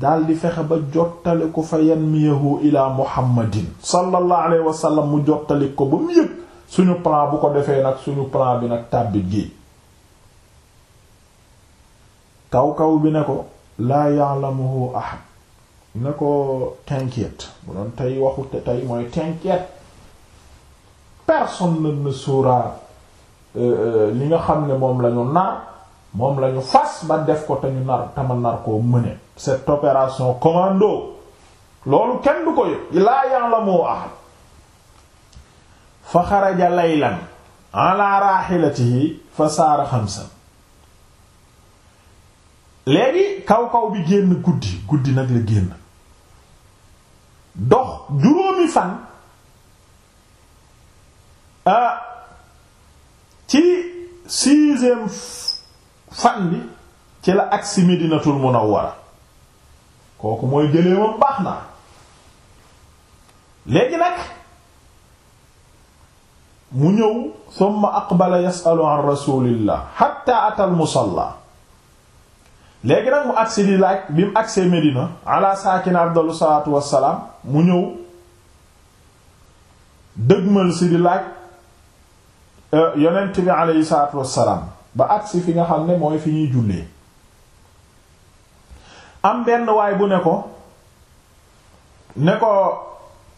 daal di fexe ba jottali ko fa yanmiyahu ila muhammadin sallallahu alayhi wa sallam mu jottali ko ba mu yëg suñu plan bu ko defee nag suñu plan bi nag tàbbit gi kaw kaw bi ne ko laa ya'lamuhu ahad ne ko t'inquiète bu doon tey waxu te mooy t'inquiète personne ne saura euh, euh, li nga xam ne moom lañu naa moom lañu fas ba def ko te ñu nar tama nar koo mëne cette opération commando loolu kenn du ko yëg laa ya'lamu ahad fa xaraja laylan ala rahilatihi fa saara xamsan léegi kaw kaw bi génn guddi guddi nag la génn dox juróomi fan euh, ci sixième fan bi ci la agsi Medinatul Munawwara kooku mooy gëléemam baax na léegi nag mu ñëw thumma aqbala yasalu an rasulillah hatta atal musalla léegi nag mu agsi di laaj bi mu agsee Medina ala saakin afdalu salaatu wassalaam mu ñëw dëgmal si di laaj eh, yonent bi alayhi salaatu wassalaam ba agsi fi nga xam ne mooy fi ñuy jullee am benn waay bu ne ko ne ko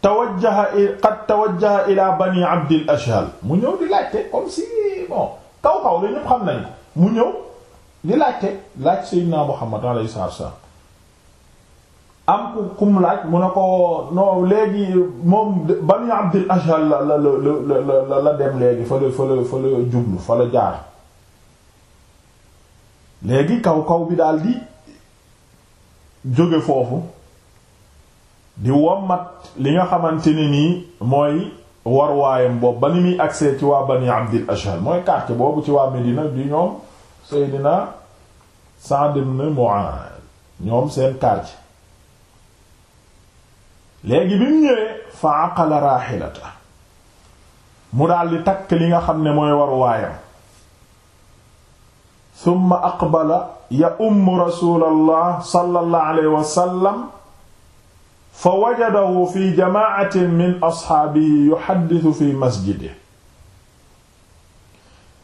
tawajjaha ila bani abdil ashal mu ñëw di laajte comme si bon kaw kaw la xam nañ mu ñëw di laajte laaj sayyidina muhammad alayhi salaam am ku kum laaj mu ne ko non léegi moom bani abdil ashal la la la la la dem léegi fa la fa la fa la jublu fa la jaar léegi kaw kaw bi daal di jóge foofu di wommat li nga xamante ni nii mooy warwaayam boobu ba ni muy agsee ci waa bani abdil ashal mooy quartier boobu ci waa Medina di ñoom Seydina Sa'd ibn seen quartier léegi bi mu ñëwee fa aqala raahilata mu daal di takk li nga xam ne mooy warwaayam summa aqbala ya ummu rasulallah sallallahu alayhi wa sallam fa wajadahu fi jamaatin min asxaabihi yuxaddisu fi masjidihi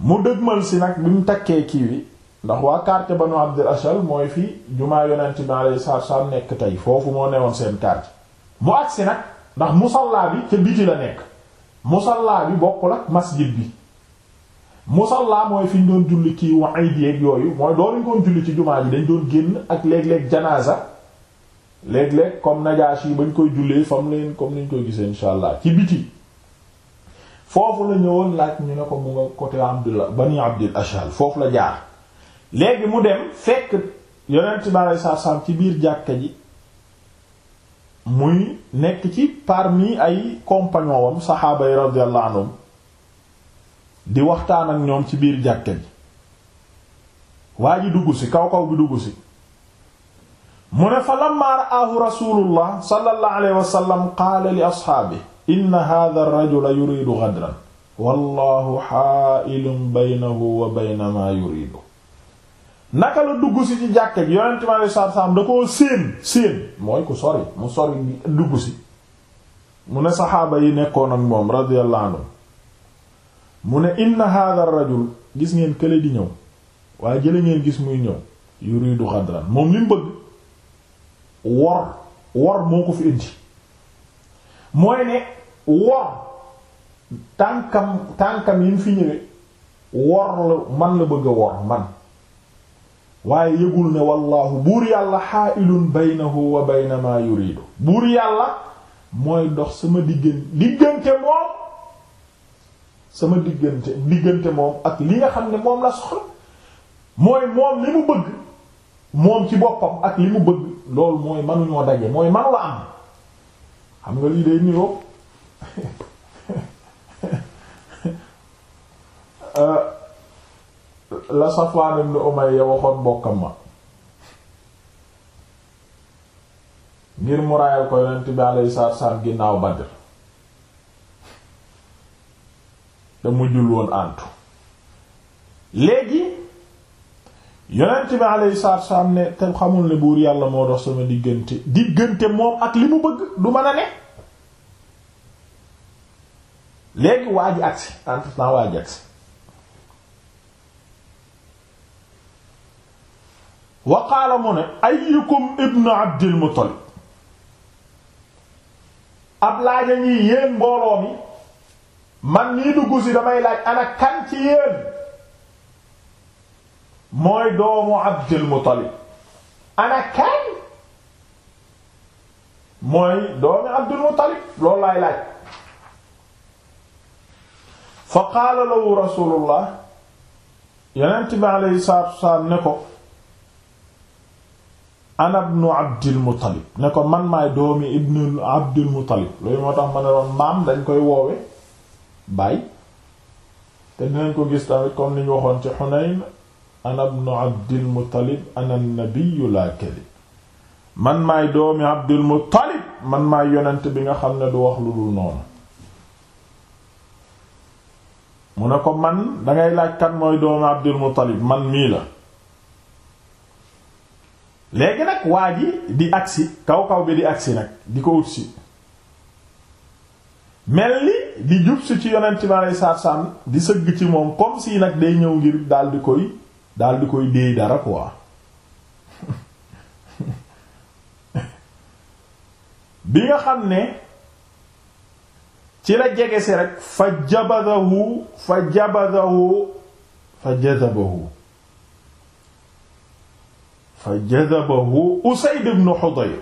mu dëgmal si nag bi mu takkee kii wi ndax waa quartier banu abdul ashal mooy fii jumaa yonent bi alayhi salaatu nekk tey foofu moo newoon seen quartier mu agsi nag ndax musallaa bi ca biti la nekk musallaa bi bokkul ak masjid bi musalla mooy fi ñu doon julli ci waa yeeg yooyu mooy doonuñ koon julli ci jumaa ji dañ doon génn ak léeg-léeg janaasa léeg-léeg comme Najaashi yi bañ koy jullee fam leen comme niñ koy gisee insha allah ci biti foofu la ñëwoon laaj ñu ne ko mu nga côté Abdullah bani Abdul Ashal foofu la jaar léegi mu dem fekk yonent bi alei satu ci biir jàkka ji muy nekk ci parmi ay compagnon wam saxaaba yi radiyallahu anhum di waxtaan ak ñoom ci biir jàkke ji waa ji dugg si kaw kaw bi dugg si mu ne fa lamma ra'aahu rasulullah sallallahu alayhi wa sallam qaala li asxaabi inna hadha ar-rajula yuridu ghadran wallahu wa bayna ma yuridu naka dugg si ci jàkke ji yonent mi alayhi salaatu salaam da koo mu sori dugg si mu ne saxaaba yi nekkoon ak moom radiyallahu anhu mu ne inna hadha rajul gis ngeen kële di ñëw waaye jële ngeen gis muy ñëw yuridu xadran moom li bëgg wor wor moo ko fi indi mooy ne wor tànkam tànkam yi mu fi ñëwee wor la man la bëgg a wor man waaye yëgul ne wallaahu buur yàlla xaailun baynahu wa bayna ma yuridu buur yàlla mooy dox sama diggante diggante moom sama diggante diggante moom ak li nga xam ne moom la soxla mooy moom li mu bëgg moom ci boppam ak li mu bëgg loolu mooy manuñoo daje mooy manu am xam nga lii de niroo euh, la Safwan ibn Umayya waxoon bokkam ma ngir mu raayal ko yonent bi alayhi salaatu wassalaam ginnaaw Badr te mujjul woon àntu léegi yonent bi alayhi salaatu wassalaam ne te xamul ne buur yàlla moo dox sama diggante diggante moom ak li mu bëgg du mën a ne léegi waa agsi entre temps waa agsi wa qaala mu ne ayyukum ibnu abdil muttalib ab laaja ñi yéen mbooloo mi man nii dugg si damay laaj ana kan ci yéen mooy doomu Abdul Muttalib ana kan mooy doomu Abdul Muttalib laay laaj fa qaala lahu rasulullah yonent bi alayhi ko ana ibnu Abdul Muttalib ne ko man maay doomi ibnu Abdul Muttalib loolu moo tax ma ne doon maam dañ koy woowe baay te dinañ ko gis tamit comme ni waxoon ci Hunayn ana ibnu Abdil Muttalib ana nabiyyu laa kadib man maay doomi Abdil Muttalib man maay yonent bi nga xam ne du wax lu dul noonu mu ne ko man dangay laaj kan mooy doomi Abdil Muttalib man mii la léegi nag waa ji di agsi kaw kaw bi di agsi nag di ko utsi mel ni di jub ci yonent bi aleyhi salaatu di sëgg ci moom comme si nag day ñëw ngir daal di koy daal di koy déey dara quoi bi nga xam ne ci la jege si rek fa jabadahu fa jabadahu fa jazabahu fa jazabahu Usayd ibn Hudayr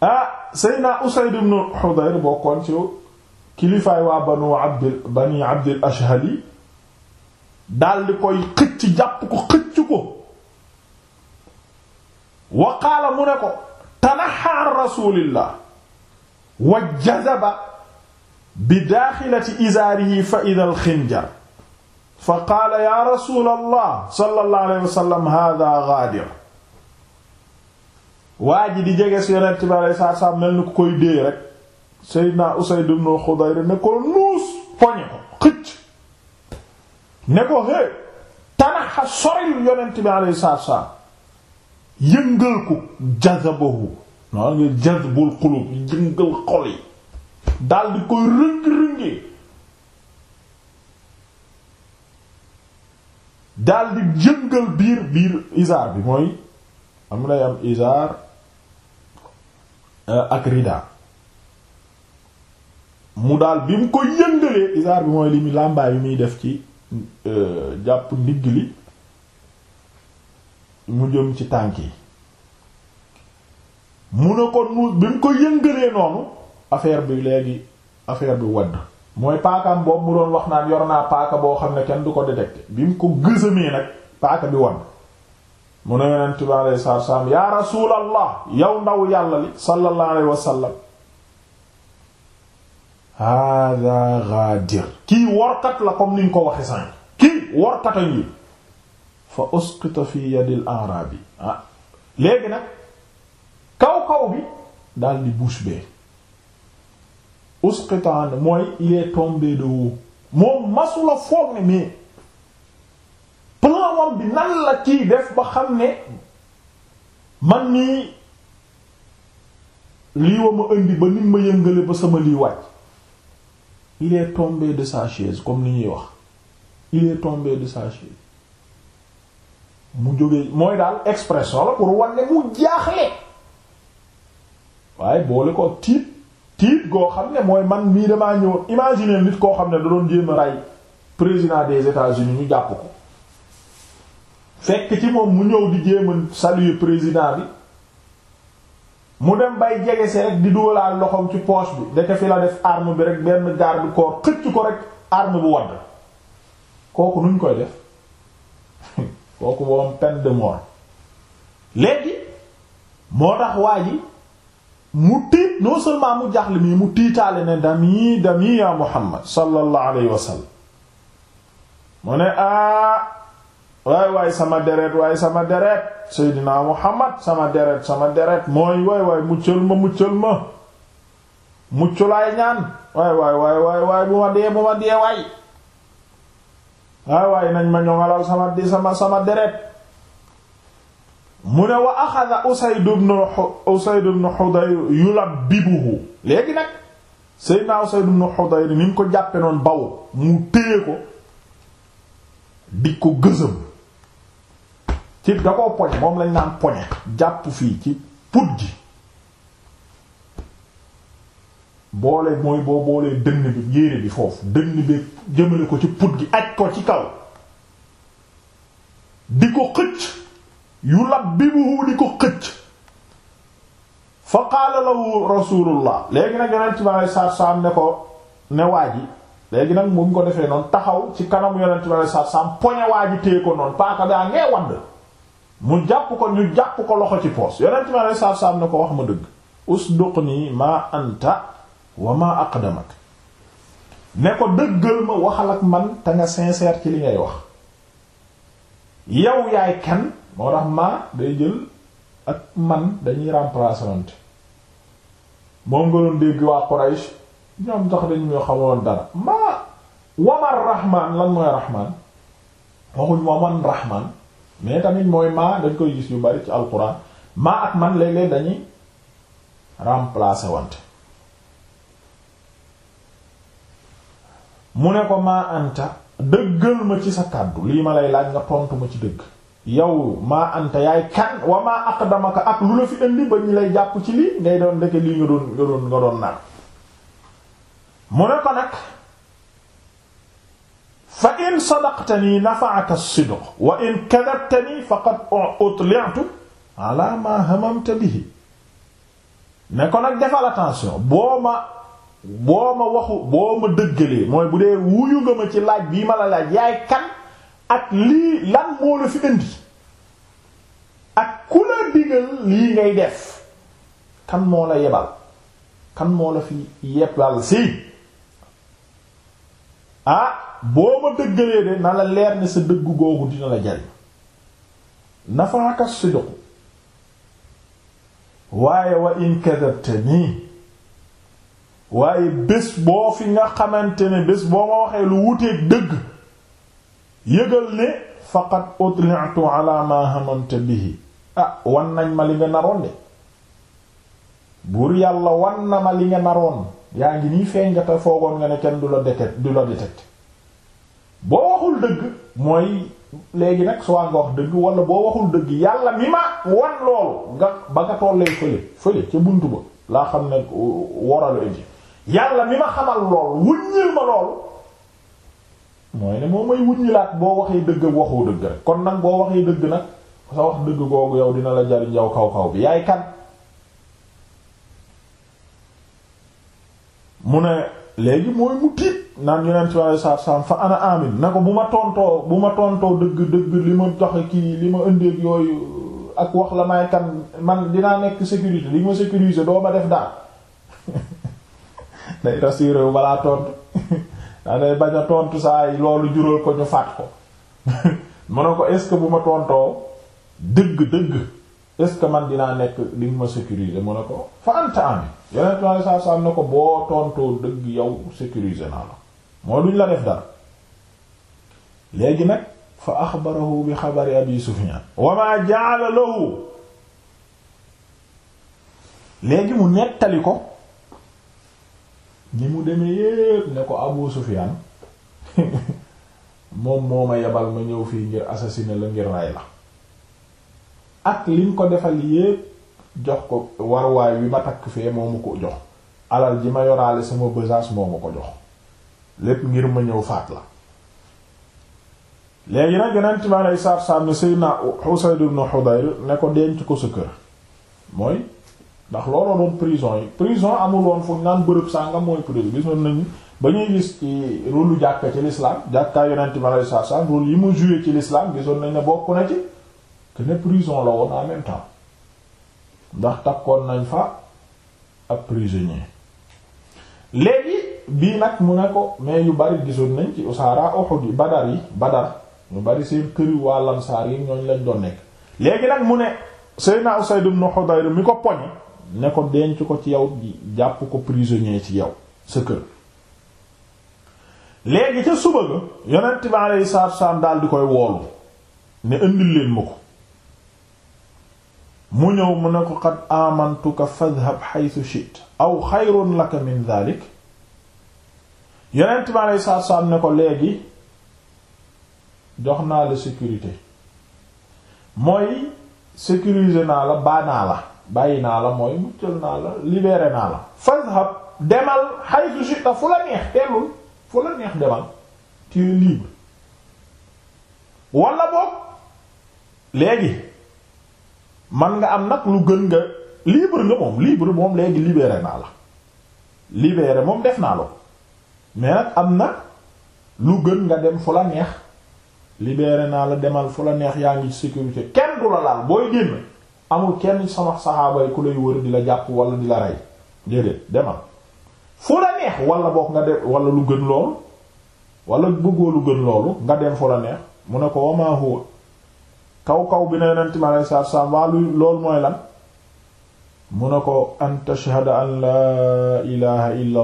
ah Seydina Usayd ibn Hudayr bokkoon ci kilifaay waa banu abdil bani abdil ashhali dal di koy xëcc jàpp ko xëcc ko wa qaala mu ne ko tanaxa an rasulillah wa jazaba bi daaxilati izaarihi fa ida alxinjar fa qaala ya rasul allah sallallahu alayhi wa sallam hada gaadir waa ji di jege si yonent bi aleyhi salaatu salaam mel ni ku koy dee rek Seydina Usayd ibn Khudayr ne ko nuus poñe ko ne ko hé tanaxa soril yonent bi aleyhi salaatu salaam yëngal ko jazabahu noonu ngir jazbul qulub yëngal xol dal di koy rëng-rëngee dal di yëngal biir biir isaar bi mooy am lay am isaar Euh, ak rida mu daal bi mu ko yëngalee isaar bi mooy li mu làmbaay bi muy def ci euh, jàpp ndigg li mu jëm ci tànk yi mu ne ko nu bi mu ko yëngalee noonu affaire bi léegi affaire bi wadd mooy paakaam boobu mu doon wax naan yor naa paaka boo xam ne kenn du ko détecté bi mu ko gësamee nag paaka bi wadd mu ne yonent bi alayhi salaatu yaa rasuulallah yow ndaw yàlla li sallallahu alayhi wasallam hada gaadir kii workat la comme niñ ko waxee sànq kii workata ngi fa usqita fi yadil arabi ah léegi nag kaw kaw bi daal di bouche bee usqita mooy il est tombé de haut moom masula foog ne mais boromam bi nan la kii def ba xam ne man nii lii wa ma indi ba nit ma yëngale ba sama lii wàcc il est tombé de sa chaise comme ni ñuy wax il est tombé de sa chaise mu jógee mooy daal expression la pour wane mu jaaxle waaye boole ko tiit tiit goo xam ne mooy man mii damaa ñëw imaginer nit koo xam ne da doon jéem a président des États-Unis ñu jàpp ko fekk ci moom mu ñëw di jéem a saluer président bi mu dem bay jege si di dugalaal loxoom ci poche bi ndeke fi la def arme bi rek benn garde corps xëcc ko rek arme bu wadd kooku nuñ koy def kooku moom peine de mort léegi moo tax waa ji mu tiit non mu jaxle mii mu tiitaale ne dami dami ya Muhammad sallallahu alayhi wa mu ne a ah, waay waay sama deret waaye sama deret Seydina Muhammad sama deret sama deret mooy waay waay muccal ma muccal ma mucculaay ñaan waay waay waay waay waay ma dee bu ma dee waay waay waay nañ ma ñoŋalal sama di sama deret mu ne wa axada Usayd ibn Usayd ibn Hudayr yulabbibuhu léegi nag Seydina Usayd ibn Hudayr ni mu ko jàppe noon baw mu téye ko di ko gësëm ci da koo poñe moom lañ naan poñe jàpp fii ci put gi boole mooy boo boolee dënn bi yére bi foofu dënn bi jëmale ko ci put gi aj ko ci kaw di ko xëcc yu lab bi buhu di ko xëcc fa qaala lahu rasulullah léegi nag yonent bi alei satu ne ko ne waa ji léegi nag mu ngi ko defee noonu taxaw ci kanamu yonent bi alei satu poñe waa ji ko noonu paaka daa ngee wadd mu jàpp ko ñu jàpp ko loxo ci poos yonent ma lay saab-saab na ko wax ma dëgg usduqni ma anta wa ma aqdamak ne ko dëggal ma waxal ak man te nga sincère ci li ngay wax yow yaay kan moo tax ma day jël ak man dañuy remplacer wante moom nga doon dégg waa Quraysh ñoom sax dañu ñoo xamaloon dara ma wamar rahman lan mooy rahman waxuñ waman rahman mais tamit mooy maa dañ koy gis yu bari ci alquran maa ak man léeg-léeg dañuy remplacer wante mu ne ko maa anta dëggal ma ci sa kàddu lii ma lay laaj nga tontu ma ci dëgg yow maa anta yaay kan wa maa aqdamaka ak lu la fi indi ba ñu lay jàpp ci lii ngay doon ndeke lii nga doon nga doon nga mu ne ko nag fa in sadaqtani nafa'aka as-sidq wa in kadhabtani faqad utli'tu ala ma hamamta bihi ne ko nag defal attention boo ma boo ma waxu boo ma dëggalee mooy bu dee wuyu nga ma ci laaj bii ma la laaj yaay kan ak lii lan moo la fi indi ak ku la digal lii ngay def kan moo la yebal kan moo la fi yebal si ah boo ma dëggalee de na la leer ne sa dëgg googu dina la jariñ nafaaka sidq waaye wa in kadabtani waaye bés boo fi nga xamante ne bés boo ma waxee lu wuteeg dëgg yëgal ne faqad utli'tu ala ma hamamta bihi ah wan nañ ma li nga naroon de buur yàlla wan na ma li nga naroon yaa ngi nii feeñ nga te foogoon nga ne kenn du la détecte du la détecte boo waxul dëgg mooy léegi nag soo nga wax dëgg wala boo waxul dëgg yàlla mi ma wan loolu nga ba nga tollee fële fële ca buntu ba laa xam ne waralu indi e yàlla mi ma xamal lool wuññil ma lool mooy ne moom may wuññilaat boo waxee dëgg ak dëgg rek kon nag boo waxee dëgg nag sa wax dëgg googu yow dina la jariñ jaw kaw kaw bi yaay kan mu ne léegi mooy mu tiit naan yonent bi alayhi salaatu salaam fa ana amin na ko bu ma tontoo bu ma tontoo dëgg dëgg li ma joxe kii li ma ëndeeg yooyu ak wax la may kan man dinaa nekk sécurité li ma sécuriser doo ma def daal day rassuré wu balaa tontu day bañ a tontu saa yi loolu jural ko ñu faat ko mu ne ko est bu ma tontoo dëgg dëgg est-ce que man dinaa nekk li nga ma sécuriser mu ne ko fa anta ami yeneen saa saa ne ko boo tontoo dëgg yow sécuriser naa la moo duñ la def dara léegi nag fa axbarahu bi xabari abi sufyan wa ma ja'ala léegi mu nettali ko ni mu demee yépp ne ko abu sufyan moom moo ma yebal ma ñëw fii ngir assassiner la ngir ray la ak liñ ko defal yépp jox ko warwaay wi ma takk fee moo ma ko jox alal ji ma yoraale sama besace moo ko jox lépp ngir ma ñëw faat la léegi nag yonent bi aleyhi salaatu salaam ne Seydina Usayd ibn Hudayr ne ko ko sa kër mooy ndax looloo doon prison yi prison amul woon fu naan bërëb sàngam mooy prison nañu ba ñuy gis ci rôle lu jàkka ci l'islam jàkkaay yonent bi aleyhi salaatu salaam rôle yi mu joué ci l'islam gisoon nañ ne bokk na ci que ne prison la woon en même ndax takkoon nañ fa ab prisonnier léegi bii nag mu ne ko mais yu bari gisoon nañ ci usaara Uhud yi Badar yi Badar ñu bari seen këri waa Lamsaar yi ñooñ lañ doon nekk léegi nag mu ne Seydina Usayd ibn Hudayr mi ko poñ ne ko denc ko ci yow jàpp ko prisonnier ci yow sa kër léegi ca suba ga yonent bi alayhi salaatu wa salaam daal di koy woolu ne indil leen ma ko mu ñëw mu ne ko qad amantuka fadhhab haythu shi'ta aw xayrun laka min dhalik yonent bi aleyhi salaatu salaam ne ko léegi jox naa la sécurité mooy sécuriser naa la baa naa la bàyyi naa la mooy muccal naa la libéré naa la fadhhab demal haythu shi'ta fu la neex teelul fu la neex demal tu libre wala boog léegi man nga am nag lu gën nga libre nga moom libre moom léegi libéré naa la libéré moom def naa la mais nag am na lu gën nga dem fu la neex libéré naa la demal fu la neex yaa ngi sécurité kenn du la amul kenn sama saxaaba yi ku jàpp wala di la rey déedéet wala nga def wala lu gën loolu wala bëggoo lu gën loolu nga dem fu la neex mu ne ko wama kaw kaw bi na yonent mi aleyhi salaatu salaam waa luy loolu mooy lan mu ne ko an tashhada an laa ilaha illa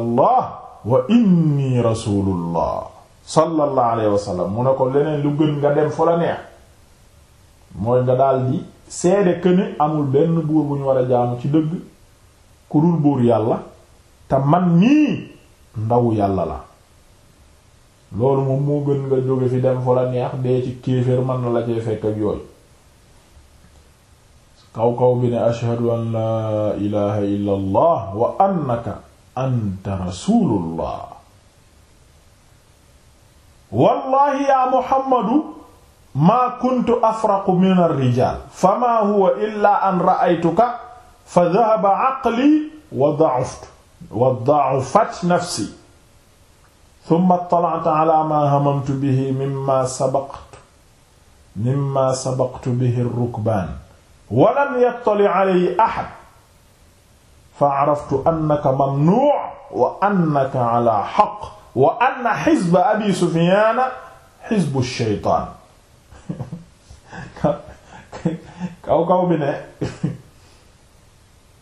wa inni rasulullah sallallahu wa sallam mu ne ko leneen lu gën nga dem fa la neex mooy nga daldi seede këne amul benn buur bu ñu war a jaamu ci dëgg ku dul buur yàlla te man nii ndawu yàlla la loolu moom moo gën nga jóge fi dem fa la neex dee ci kéeféer mën na la cee fekk ak kaw kaw bi ne ashhadu an laa ilaha illa allah wa annaka anta rasulullah wallahi ya muhammadu maa kuntu afraqu min ar-rijaal famaa huwa illaa an ra'aytuka fa dhahaba aqli wa da'uftu wa da'ufat nafsi thumma ittala'tu ala maa hamamtu bihi mimmaa sabaqtu mimmaa sabaqtu bihi ar-rukbaan walam yattali alayhi ahad fa araftu annaka mamnuu wa annaka ala haqq wa anna xizba abi sufiyaana xizbu shaytaan kaw kaw bi ne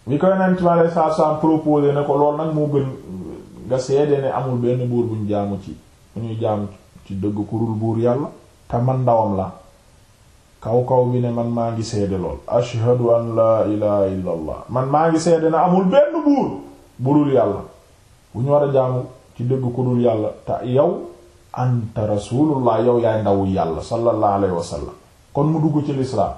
bi koy nent mi alei saatu salaam proposé ne ko loolu nag moo gën nga seede ne amul benn buur buñ jaamu ci bu ñuy jaamu ci dëgg kurul buur yàlla te man ndawam la kaw kaw bi ne man maa ngi seede lool ashhadu an laa ilaha illa man maa ngi seede na amul benn buur budul yàlla bu ñu war a jaamu ci dëgg ku dul yàlla te yow anta rasulullah yow yaay ndawu yàlla sallallahu alayhi wasallam kon mu dugg ci lislaam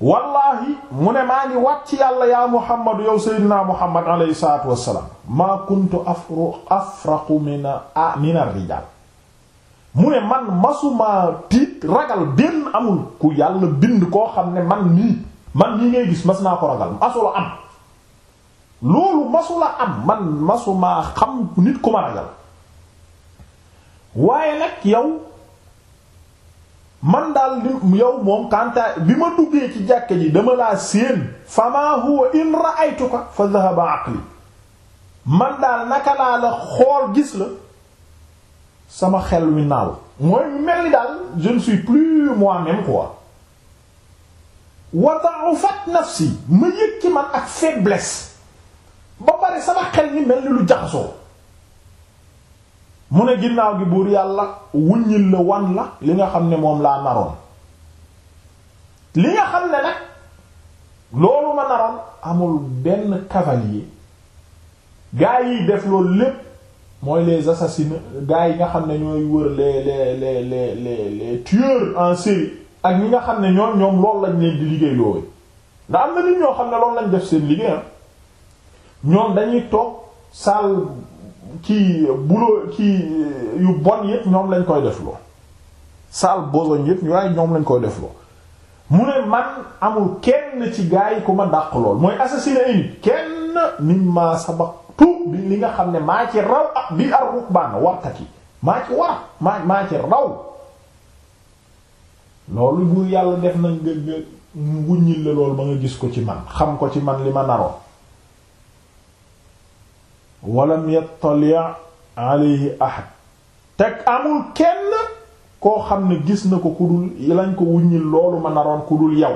wallahi mu ne maa ngi wàcc yàlla yaa muhammadu yow seydinaa muhammad alayhi salaatu wassalaam maa kuntu afru afraqu mina a ah, mina rijaal mu ne man masuma tiit ragal benn amul ku yàlla bind koo xam ne man nii man nii ngay gis mas naa ko ragal masula am loolu masula am man masuma xam nit ku ma ragal waaye nag yow man daal li yow moom kanta bi ma duggee ci jàkke ji dama laa séen fa maa huwa in ra'aytuka fa dhahaba aqli man daal naka laa la xool gis la sama xel mi naaw mooy mel ni daal je ne suis plus moi-même quoi wa da'ufat nafsi ma yëg ci man ak faiblesse ba pare sama xel mi mel ni lu jaxasoo mu ne ginnaaw gi buur yàlla wuññil la wan la li nga xam ne moom laa naroon li nga xam ne nag loolu ma naroon amul benn cavalier gaa yi def loolu lépp mooy les assassins gars yi nga xam ne ñooy wër les les les les les en série ak ñi nga xam ne ñoom ñoom loolu lañ leen di liggéey loolu ndax am na nit ñoo xam ne loolu lañ def seen liggéey ah. ñoom dañuy toog salle kii boulot kii euh, yu bon yëpp ñoom lañ koy def loo salle bosoñ yëpp waaye ñoom lañ koy def loo mu ne man amul kenn ci gars yi ku ma dàq lool mooy assassiner nit kenn mimma sabaq tu bi li nga xam ne maa ci raw ah bi ar rukbaan wartaki maa ci war maa maa ci raw loolu buur yàlla def na nga nga wuññil la loolu ba nga gis ko ci man xam ko ci man li ma naroon walam yattali alayhi ahad teg amul kenn koo xam ne gis na ko ku dul lañ ko wuññil loolu ma naroon ku dul yow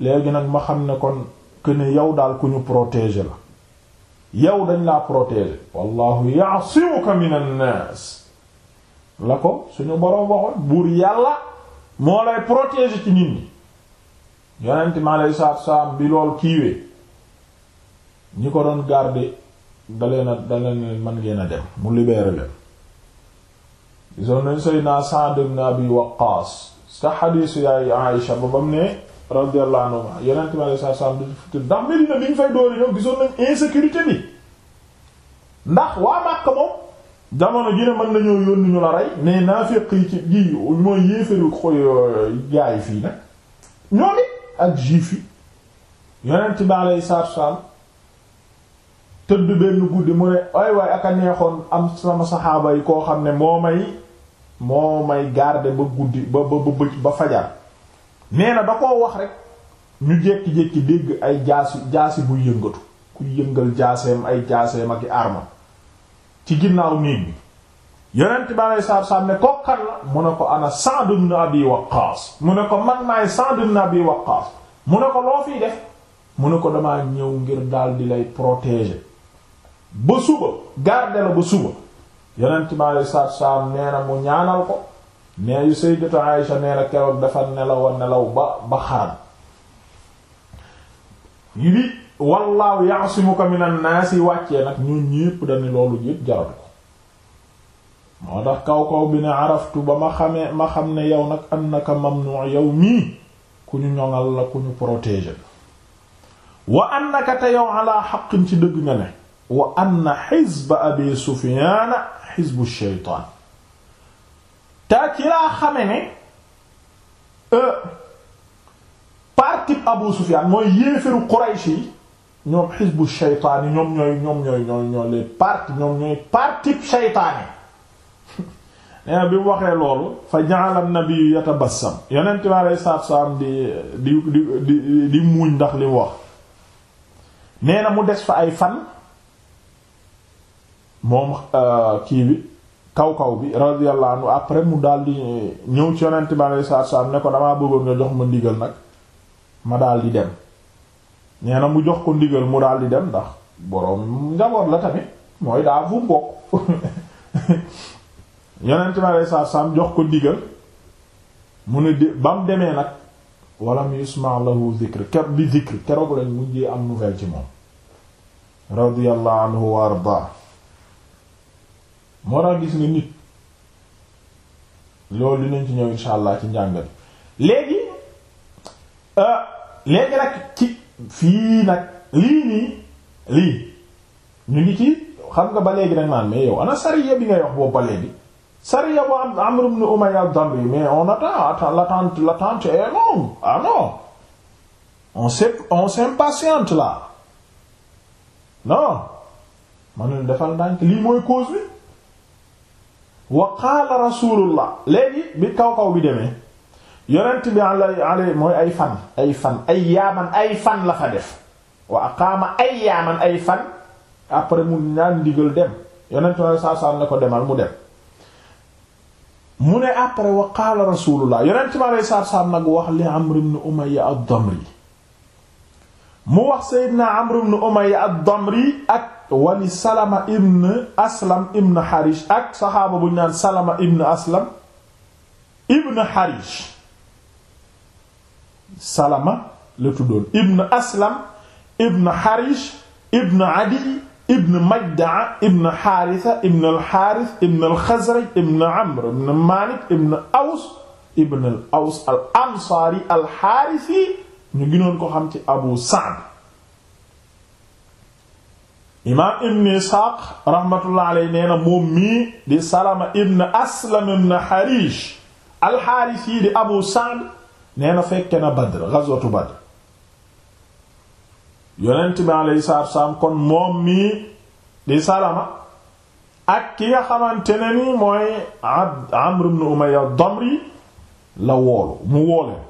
léegi nag ma xam ne kon que ne yow daal ku ñu protéger la yow dañ laa protéger wallahu ya'simuka minan nas la ko suñu boroom waxoon buur yàlla moo lay protéger ci nit ñi yonent mi aleyhi salaatu salaam bi lool kiiwee ñi ko doon garder dalee na dalee na mën ngeen a dem mu libérer leen gisoon nañ Seydina Sa'd ibn Abi Waqqas sa xadiisu yaay Aïsha ba bam ne radiyallahu anhu yonent bi alayhi salaam dañu fukkil ndax Medina bi ñu fay doori ñëw gisoon nañ insécurité bi ndax waa Makka moom jamono ji ne mën nañoo yónni ñu la rey ne naafiq yi ci ji mooy yéeféru xoy euh, jaay fii nag ñoom it ak juif yi yonent bi alayhi salaam tëdd benn guddi mu ne ay waay aka neexoon am sama saxaaba yi koo xam ne moo may moo may garde ba guddi ba ba ba fajar nee na da koo wax rek ñu jékki-jékki dégg ay jaasi jaasi bu yëngatu ku yëngal jaaseem ay jaaseem ak i armam ci ginnaaw néeg bi yonent bi alei saatu salaam ne kokkan la mu ne ko ana Sa'd ibn Abi Waqqas mu ne ko man maay Sa'd ibn Abi Waqqas mu ne ko loo fii def mu ne ko damaa ñëw ngir daal di lay protéger ba suba garder la ba suba yonent bi alei saatu salaam nee na mu ñaanal ko nee yu sayyidatu Aïsha nee na keroog dafa nelaw a nelaw ba ba xaram li wallaahu ya'simuka minan naas yi wàccee nag ñun ñépp dañu loolu yépp jaratu ko moo tax kaw kaw bi ne araftu ba ma xam ne yow nag annaka mamnu yow mii ku ñu ñoŋal la ku ñu protéger wa annaka te yow ala xaqin ci dëgg nga ne wa anna xizba abi sufiyaana xizbu shaytaan te ci laa xame ne euh, parti Abu Sufyan mooy yéeferu Quraysh yi ñoom xisbu shaytaan ñoom ñooy ñoom ñooy ñooy ñooy les ñoom ñooy parti shaytaan yi bi mu waxee loolu fa ja'ala an-nabiyyu yatabassam yonent bi alayhi salaatu wa salaam di di di di muuñ ndax li wax nee mu des fa ay fan moom euh, kii bi kaw-kaw bi radiyallahu anhu après mu daldi ñëw ci yonent bi alayhi salaatu salaam ne ko damaa bëggoon nga jox ma ndigal nag ma daldi dem nee na mu jox ko ndigal mu di dem ndax boroom njaboot la tamit mooy daa fu mbokk yonent bi alayhi salaatu salaam jox ko ndigal mu ne de ba mu demee nag walam yusma lahu zikr ker keroog lañ mujjee am nouvelle ci moom radiyallahu anhu wa ardaa moo tax gis nga nit loolu dinañ ci ñëw insha allah ci njàngal léegi euh, léegi nag ci fii nag lii nii lii ñu ngi ci xam nga ba léegi nag naan mais yow ana sariya bi ngay wax boobu ba léegi sariya bu am Amr ibn Umayya ad-Damri mais la attend l'attente l'attente est longue ah non on s'est on s'impatiente là non man defal ndànk lii mooy cause bi wa qaala rasulullah léegi bi kaw kaw bi demee yonent bi alay mooy ay fan ay fan ay yaaman ay fan la fa def wa aqaama ay yaaman ay fan après mu ñaan ndigal dem yonent ne ko demal mu dem ne après wa qaala rasulullah yonent bi alay saa saa nag wax li Amr ibn Umayya ad-Damri mu wax Seydina Amr ibn Umayya ad-Damri ak wali salama ibn aslam ibn harish ak saxaaba bu ñu naan salama ibn aslam ibn harish salama la tuddoon ibn aslam ibn harish ibn adi ibn majdaa ibn xaarisa ibn alxaaris ibn alxazraj ibn amr ibn malik ibn aws ibn al aws al ansaari alxaarisi ñu gënoon ko xam ci abu sa'd imaam ibn isxaaq rahmatullah aley nee na moom mii di salama ibn aslam ibn harish alxaaris yi di abu sa'd nee na badr ghazwatu badr yonent bi aleyhi salaatu kon moom di salama ak ki nga xamante ne ni mooy amr ibn umayya damri la woolu mu wooleen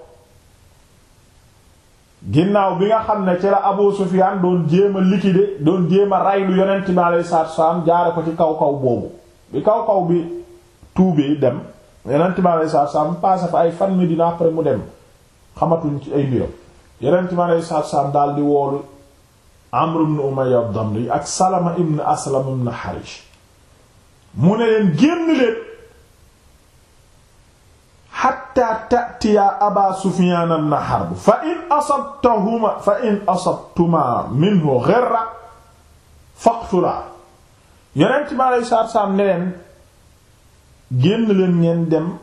ginnaaw bi nga xam ne ci la Abu Sufyaan doon jéem a liquider doon jéem a raylu yonent bi alayhi salaatu wasalaam jaare ko ci kaw kaw boobu bi kaw kaw bi tuubee dem yonent bi alayhi salaatu wasalaam passé fa ay fan Medina après mu dem xamatuñ ci ay mbiram yonent bi alayhi salaatu wasalaam daal di woolu Amr ibn Umayya ad-Damri ak Salama ibn Aslam ibn Harish mu ne leen génn leen xatta tatiyaa aba sufyaan ibn fa in asabtahuma fa minhu ghirra faqtula yonent bi aleyhi salaatu salaam ne leen génn leen ngeen dem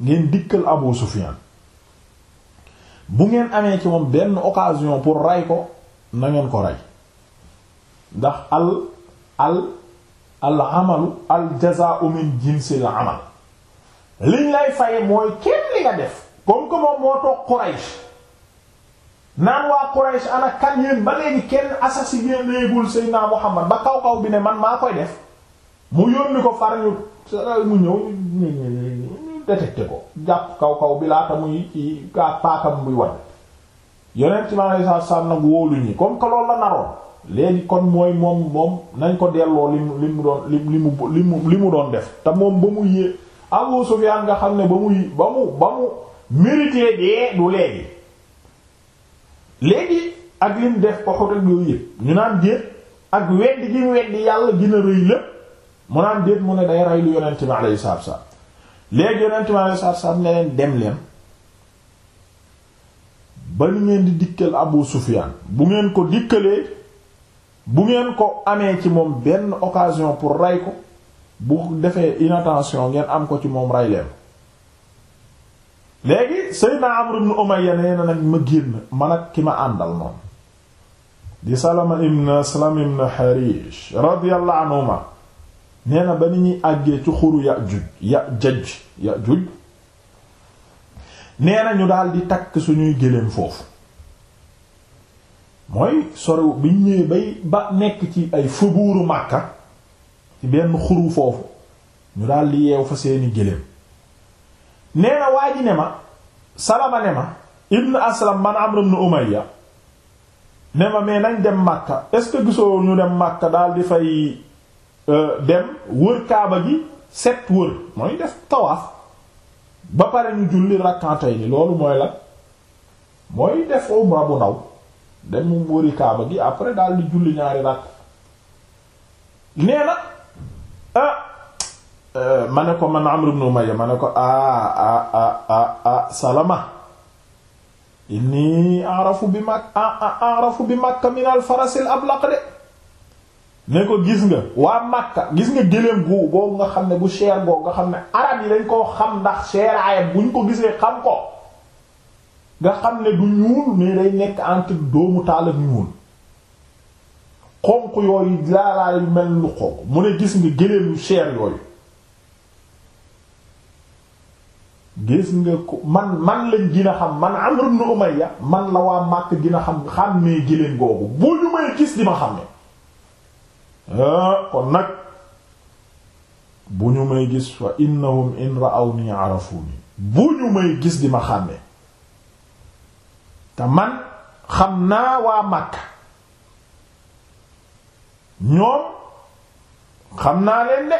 ngeen dikkal abu sufyaan bu ngeen amee ci moom benn occasion pour rey ko na ngeen ko rey ndax al al al amalu al jazaa'u min jinsil amal liñ lay faye mooy kenn li nga def comme que moom moo toog Quraysh naan waa Quraysh ana kan yéen ba léegi kenn assassiné léegul Seydina Muhammad ba kaw kaw bi ne man maa koy def mu yónni ko far ñu mu ñëw ñu ko jàpp kaw kaw bi laata muy ci kaa paakam muy wan yonent mi alayhi salaatu salaam nag wóolu ñi comme que loolu la naroon léegi kon mooy moom moom nañ ko delloo li mu li mu doon li mu li mu doon def te moom ba mu yée Abu Sufyaan nga xam ne ba muy ba mu ba mu mérité dee du léegi léegi ak lim def ko xot yëpp ñu naan déet ak weddi gi mu yàlla dina rëy lépp mu naan déet mu ne day rey lu yonent bi alayhi salaatu salaam léegi yonent bi alayhi salaatu salaam ne leen dem leen ba ni ngeen di dikkal Abu Sufyaan bu ngeen ko dikkalee bu ngeen ko amee ci moom benn occasion pour ray ko bu defee inattention ngeen am ko ci moom rey leen léegi Seydina Amr ibn Umayya nee nag ma génn man ak ki ma àndal noonu di Salama ibn Aslam ibn Harish radiyallahu anhuma nee na ba ni ñuy àggee ci xuru Ya'juj Ya'jaj Ya'juj nee na ñu daal di takk suñuy gëléem foofu mooy soriw biñ ñëwee bay ba nekk ci ay faubourg Makka ci benn xuru foofu ñu daal di yeew fa seeni géléem nee na waa ji ne ma salama ne ma ibn aslam man amr ibn umayya ne dem est ce que gisoo ñu daal di fay euh, dem wër kaaba gi set wër mooy def tawaaf ba pare ñu julli rakkantay ni mu wëri kaaba gi après daal di julli ñaari rakk nee ah euh, ma ne ko man Amr ibn Umayya ma ne ko ah ah ah ah ah bi Makka ah, ah bi Makka min al-farasil ablaq de ne ko gis nga waa Makka gis nga gëléem gu boobu nga xam ne bu cher boobu nga xam ne arab yi dañ koo xam ndax cheraayam buñ ko gisee xam ko nga xam ne du ñuul mais day nekk entre doomu taal ñuul xonq yooyu laalaa yu mel lu xonq mu ne gis nga gëléem yu yooyu gis nga ko man man lañ gën xam man Amr ibn Umayya man la waa Màkk gën xam xàmmee gëléem googu bu ñu may gis di ma xam ah, kon nag bu ñu may gis fa innahum in ra'awni arafuni bu ñu may gis di ma xàmmee te man xam naa waa Màkk ñoom xam naa leen de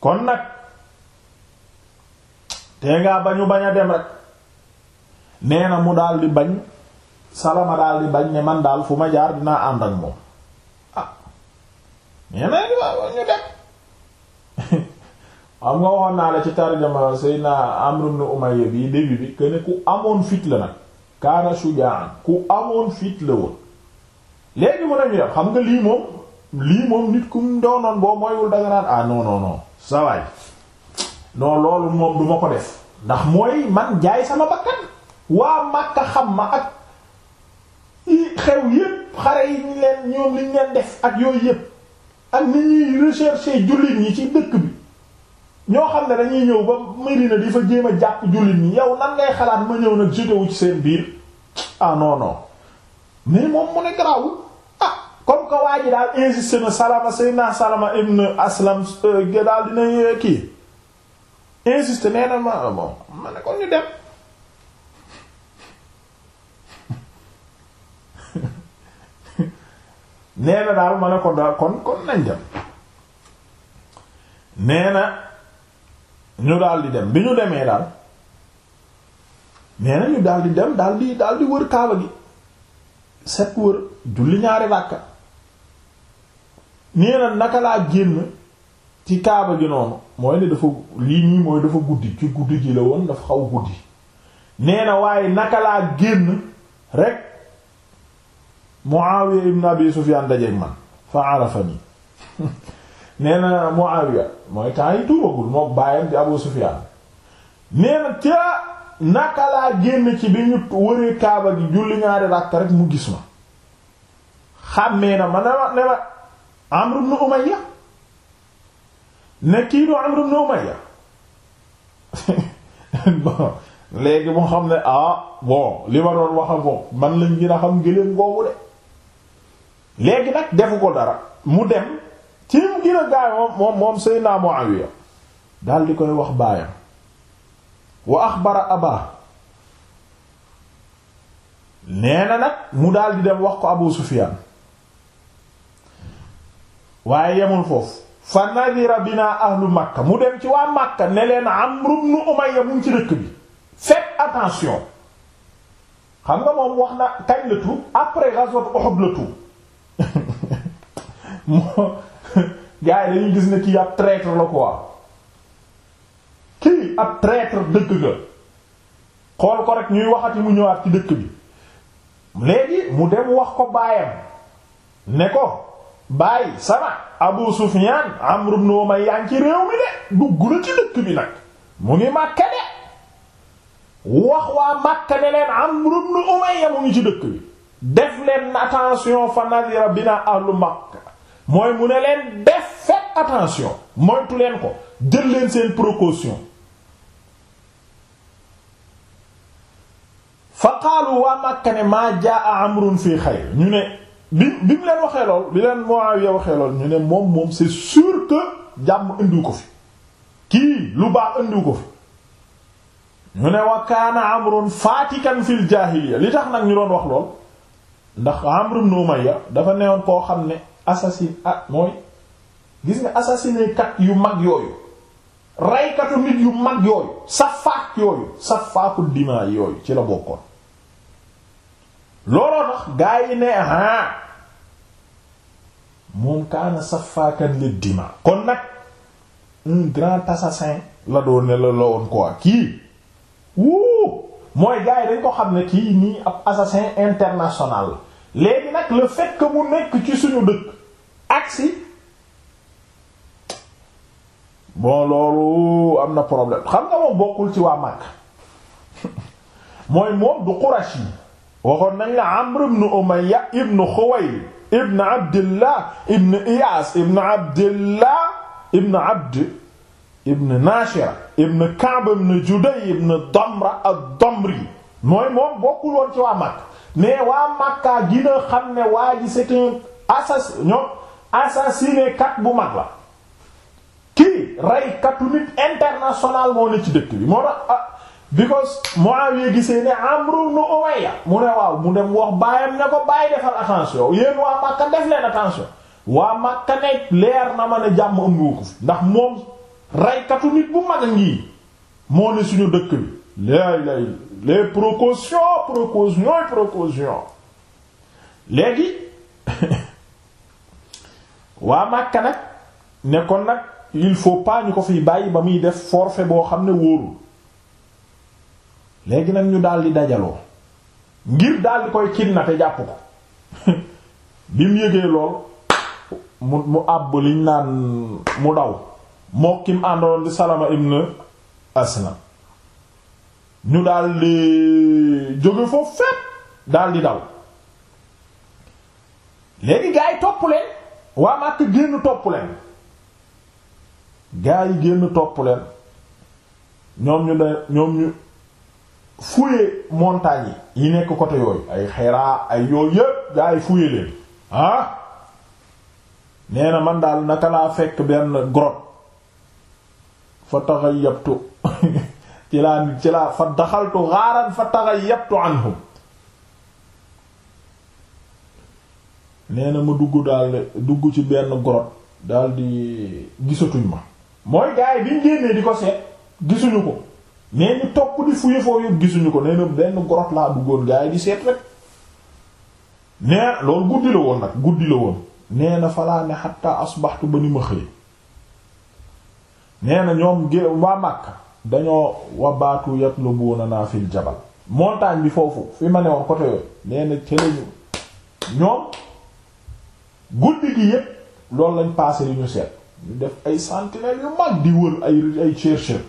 kon nag tee ngaa bañu bañ a dem rek nee na mu daal di bañ salama daal di bañ ne man daal fu ma jaar dinaa ànd ak moom ah nee na ñu dem xam nga waxoon naa la ci tarjama Seydina Amr ibn Umayya bi début bi que ku amoon fit la nag kaana shujaan ku amoon fit la woon léegi mën a ñu xam nga lii moom lii moom nit ku mu doonoon boo mooywul danga naan ah non non moom ko def ndax mooy man jaay sama bakkan waa Makka xam ma ak xew yépp xare def ak yooyu yépp ak ni ñuy rechercher ci dëkk ñoo xam ne dañuy ñëw ba Medina fa jéem a jàpp jullit ñi yow xalaat ma ñëw nag jotewu ci seen biir ah non non mais mu ne garaawul comme que waa ji daal insisté na salama sayna salama ibn aslam euh, daal dina kii insisté nee na ma ah bon ma ne kon ñu dem nee na daal ma ne ko daal kon kon nañ dem nee na ñu daal di dem bi ñu demee daal nee na ñu daal di dem daal di daal di wër kaaba gi set wër julli ñaari ràkka nee naka laa génn ci kaaba gi noonu mooy ne dafa lii nii mooy dafa guddi ci guddi gi la woon dafa xaw guddi nee na waaye naka laa génn rek Muawiya ibn Abi Sufyan na Muawiya mooy temps yi tuubagul moom bàyyam di Abu Sufyan nee ca naka laa génn ci bi ñu wëree kaaba gi julli ñaari ràkk rek mu gis ma xàmmee na ma ne ma ne ma Amr ibn Umayya ne kii du Amr ibn Umayya bon léegi moo xam ne ah bon li ma doon wax bon man lañ gën a xam gëléem googu de léegi nag defu ko dara mu dem ci mu gën a gaaw moom moom Seydina Muawiya daal di koy wax baayam wa axbara abaa nee na nag mu daal di dem wax ko Abu Sufyaan waaye yemul foofu fan naa fa nadira bina ahlu makka mu dem ci waa makka ne leen Amru ibnu Umayya mu ngi ci dëkk bi faites attention xam nga moom wax na kañ la tuub après ghazwat Uhud la moo gars yi gis ne kii ab traître la quoi kii ab traître dëkk ga xool ko rek ñuy waxati mu ñëwaat ci dëkk bi léegi mu dem wax ko baayam ne ko bàyyi sama Abu Sufyan Amr ibn Umayya ci réew mi de dugg na ci dëkk bi nag mu ngi Makka de wax waa Makka ne leen Amr ibn Umayya mu ngi ci dëkk bi def leen attention fa nadira bina ahlu Makka mooy mu ne leen def faites attention moytu leen ko jël leen seen précaution fa qaalu waa Makka maa jaa amrun fii xayr ñu ne bi bi mu leen waxee lool bi leen Muawiya waxee lool ñu ne moom moom c'est sûr jàmm indiw ko fi kii lu baax indiw ko fi ñu ne wa kaana amrun fatikan fil jaahiliya li tax nag ñu doon wax lool ndax Amr ibn ya dafa neewoon koo xam ne assassin ak ah, mooy gis nga assassiné yu mag yooyu reykatu nit yu mag yooyu safaak yooyu safaakul dimaa yooyu ci la bokkoon looloo tax gaa yi ne ah moom kaana safaakan li dima kon nag un grand assassin la doon ne la woon quoi kii wuu mooy gaa yi dañ ko xam ne kii nii ab assassin international léegi nag le fait que nekk ci suñu dëkk aksi bon loolu am na problème xam nga moom bokkul ci waa Makka mooy moom du Qurashi waxoon nañ la Amr ibn Umayya ibn Xuwaylid ibn Abdillah ibn Iyaas ibn Abdillah ibn Abd ibn Naashira ibn Ka'b ibn Juday ibn Damra ad mooy moom bokkul woon ci waa Makka mais waa Makka dina xam ne waa ji c'est un kat bu mag la kii reykatu nit international moo ne ci dëkk bi moo tax ah, because Muawiya gisee ne Amru ibn Umayya mu ne waaw mu dem wax baayam ne ko bàyyi defal attention yéen waa Makka def leen attention waa Makka nekk leer na ma ne jàmm ëmb ko fi ndax moom raykatu nit bu mag a moo ne suñu dëkk bi lay lay les précautions précautions et précautions léegi waa Makka nag ne kon nag il faut pas ñu ko fiy bàyyi ba muy def forfait boo xam ne wóorul léegi nag ñu daal di dajaloo ngir daal di koy kidnapper jàpp ko bi mu yëgee lool mu àbb liñ naan mu daw moo kim àndoon di Salama ibn Aslam ñu daal jóge foofu fépp daal daw léegi gaa yi topp leen waa Màkka génn topp leen gaa yi génn topp leen ñoom ñu de ñoom ñu fouiller montagnes yi yi nekk côté yooyu ay Hira ay yooyu yépp gaa yi fouiller leen ah nee na man daal naka laa fekk benn grotte fa taghayyabtu ci laa ci laa fa daxaltu gharan fa taghayyabtu anhum nee na ma dugg daal dugg ci benn grotte daal di gisatuñ ma mooy gaa yi biñ génnee di ko seet gisuñu ko mais ñu topp di fuye foofu yëpp gisuñu ko nee benn grotte laa duggoon gaa yi di seet rek nee loolu guddi la woon nag guddi la woon nee na falaa ne xatta asbaxtu ba ni ma xëy nee ñoom gé waa Makka dañoo wa baatu yatlubuna naa fil jabal montagne bi foofu fi ma ne woon côté yooyu nee na ca ñoom guddi gi yëpp loolu lañ passé yu ñu seet ñu def ay sentinelles yu mag di wër ay ay chercheurs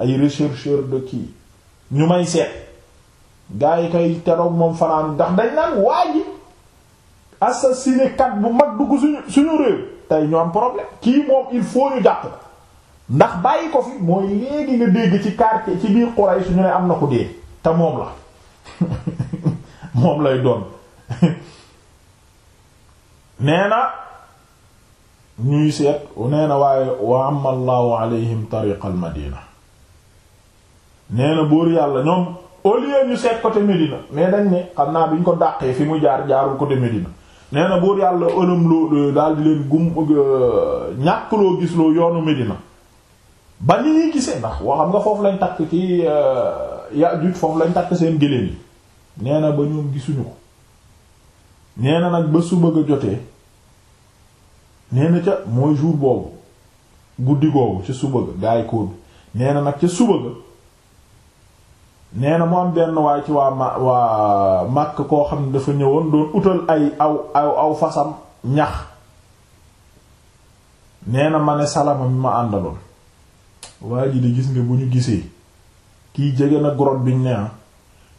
ay rechercheur de kii ñu may seet gars yi kay teroog moom fanaan ndax dañ naan waa ji assassiné kat bu mag dugg suñu suñu réew tey ñu am problème kii moom il faut ñu jàpp ndax bàyyi ko fi mooy léegi nga dégg ci quartier ci biir Quraysh suñu ne am na ko dee te moom la moom lay doon nee na ñuy seet nee na waaye wa amallahu alayhim tariqal madina nee na buur yàlla ñoom au lieu ñu côté Médina mais dañ ne xam naa bi ñu ko dàqee fi mu jaar jaarul côté Médina nee yàlla ëlëm loo euh, daal di leen gum euh, ñàkk loo yoonu Médina ba ni gisee ndax woo xam nga lañ takk ci euh, Yaajuuj foofu lañ takk seen gëléem nee na ba ñoom gisuñu ko nee na nag ba su bëgg jotee nee ca mooy jour boobu guddi googu ca suba ga gaay ko nee na nag ca suba ga nee na mu am benn waay ci waa ma waa màkk koo xam ne dafa ñëwoon doon utal ay aw aw aw fasam ñax nee na ma ne salama mi ma àndaloon waa ji di gis nga bu ñu gisee kii jege na grotte bi ne ah,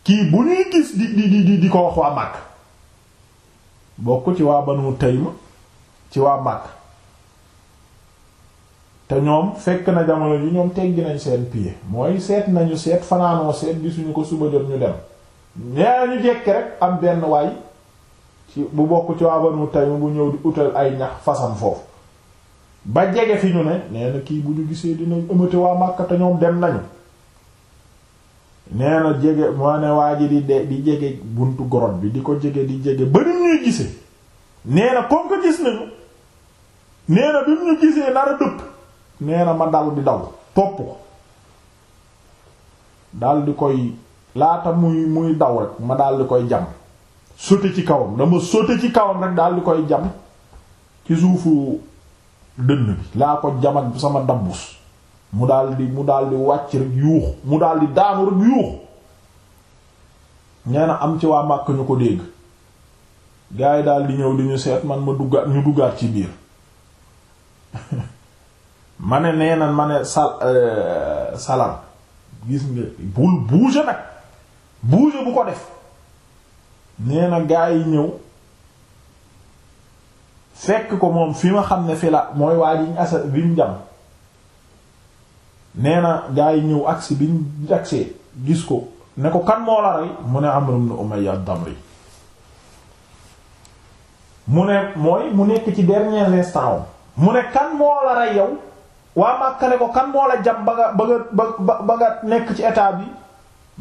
kii bu ñuy gis di di di di ko wax waa màkk bokk ci waa banu tayma ci waa màkk te ñoom fekk na jamono ji ñoom teggi nañ seen pied mooy seet nañu seet fanaanoo seet gisuñu ko suba jot ñu dem ñee ñu jekk rek am benn waay ci bu bokk ci waa Banu Taym bu ñëw di utal ay ñax fasam foofu ba jege fi ñu ne nee na kii bu ñu gisee dinañ ëmmate waa Makka ñoom dem nañu nee na jege moo ne waa ji di de di jege buntu gorot bi di ko jege di jege ba ni ñuy gisee nee na comme gis nañu nee bi mu ñu gisee nar dëpp nee na ma dal di daw topp ko dal di koy laata muy muy daw rek ma dal di koy jam sote ci kawam dama sote ci kawam rek dal di koy jam ci suufu dënn bi laa ko jam ak sama dabbus mu dal di mu dal di wàcc rek yuux mu dal di daanu rek yuux nee na am ci waa màkk ñu ko dégg gaa yi daal di ñëw di ñu seet man ma duggaat ñu duggaat ci biir ma ne nee na ma ne sal euh, salam gis nga bul bouger nag bouger bu ko def nee na gaa yi ñëw fekk ko moom fi ma xam ne fi la mooy waa jiñ asa biñ jam nee na gaa yi ñëw agsi bi biñ agsee gis ko ne ko kan moo la rey mu ne Amr ibn Umayya ad-Damri mu ne mooy mu nekk ci dernier instant mu ne kan moo la rey yow waa Makka ko kan moo la jam ba nga ba nga ba nga nekk ci état bi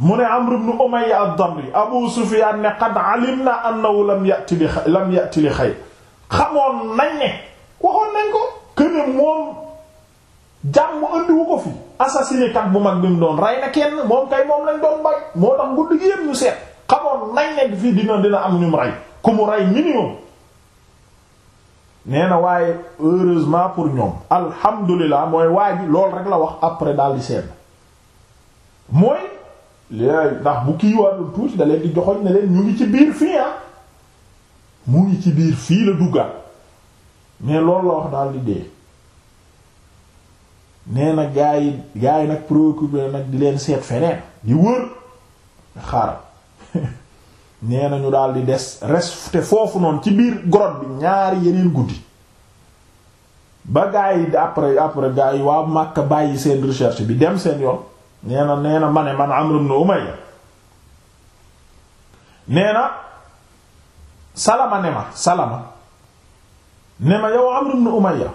mu ne Amr ibn Umayya ad-Damri Abu Sufyan ne qad alimna annahu lam ya'ti li lam ya'ti li xayr xamoon nañ ne waxoon nañ ko këne moom jàmm andiwu ko fi assassiné kat bu mag bi doon rey na kenn moom kay moom lañ doon bay moo tax guddi gi yëpp ñu seet xamoon nañ ne fii dina dina am ñu mu rey ku mu rey minimum nee na waaye heureusement pour ñoom alhamdulilah mooy waa ji loolu rek la wax après daal di seen mooy léegi ndax bu kii wàllu tuuti da di joxoñ ne leen ñu ngi ci biir fii ah mu ngi ci biir fii la duggaat mais loolu la wax daal di dee nee na gaa yi gaa yi nag préoccupé nag di leen seet feneen di wër xaaral nee na ñu daal di des resté foofu noonu ci biir grotte bi ñaari yeneen guddi ba gaa yi après après gaa waa Makka bàyyi seen recherche bi dem seen yoon nee na nee na ma man Amr ibn Umayya nee na salama ne ma salama ne ma yow Amr ibn Umayya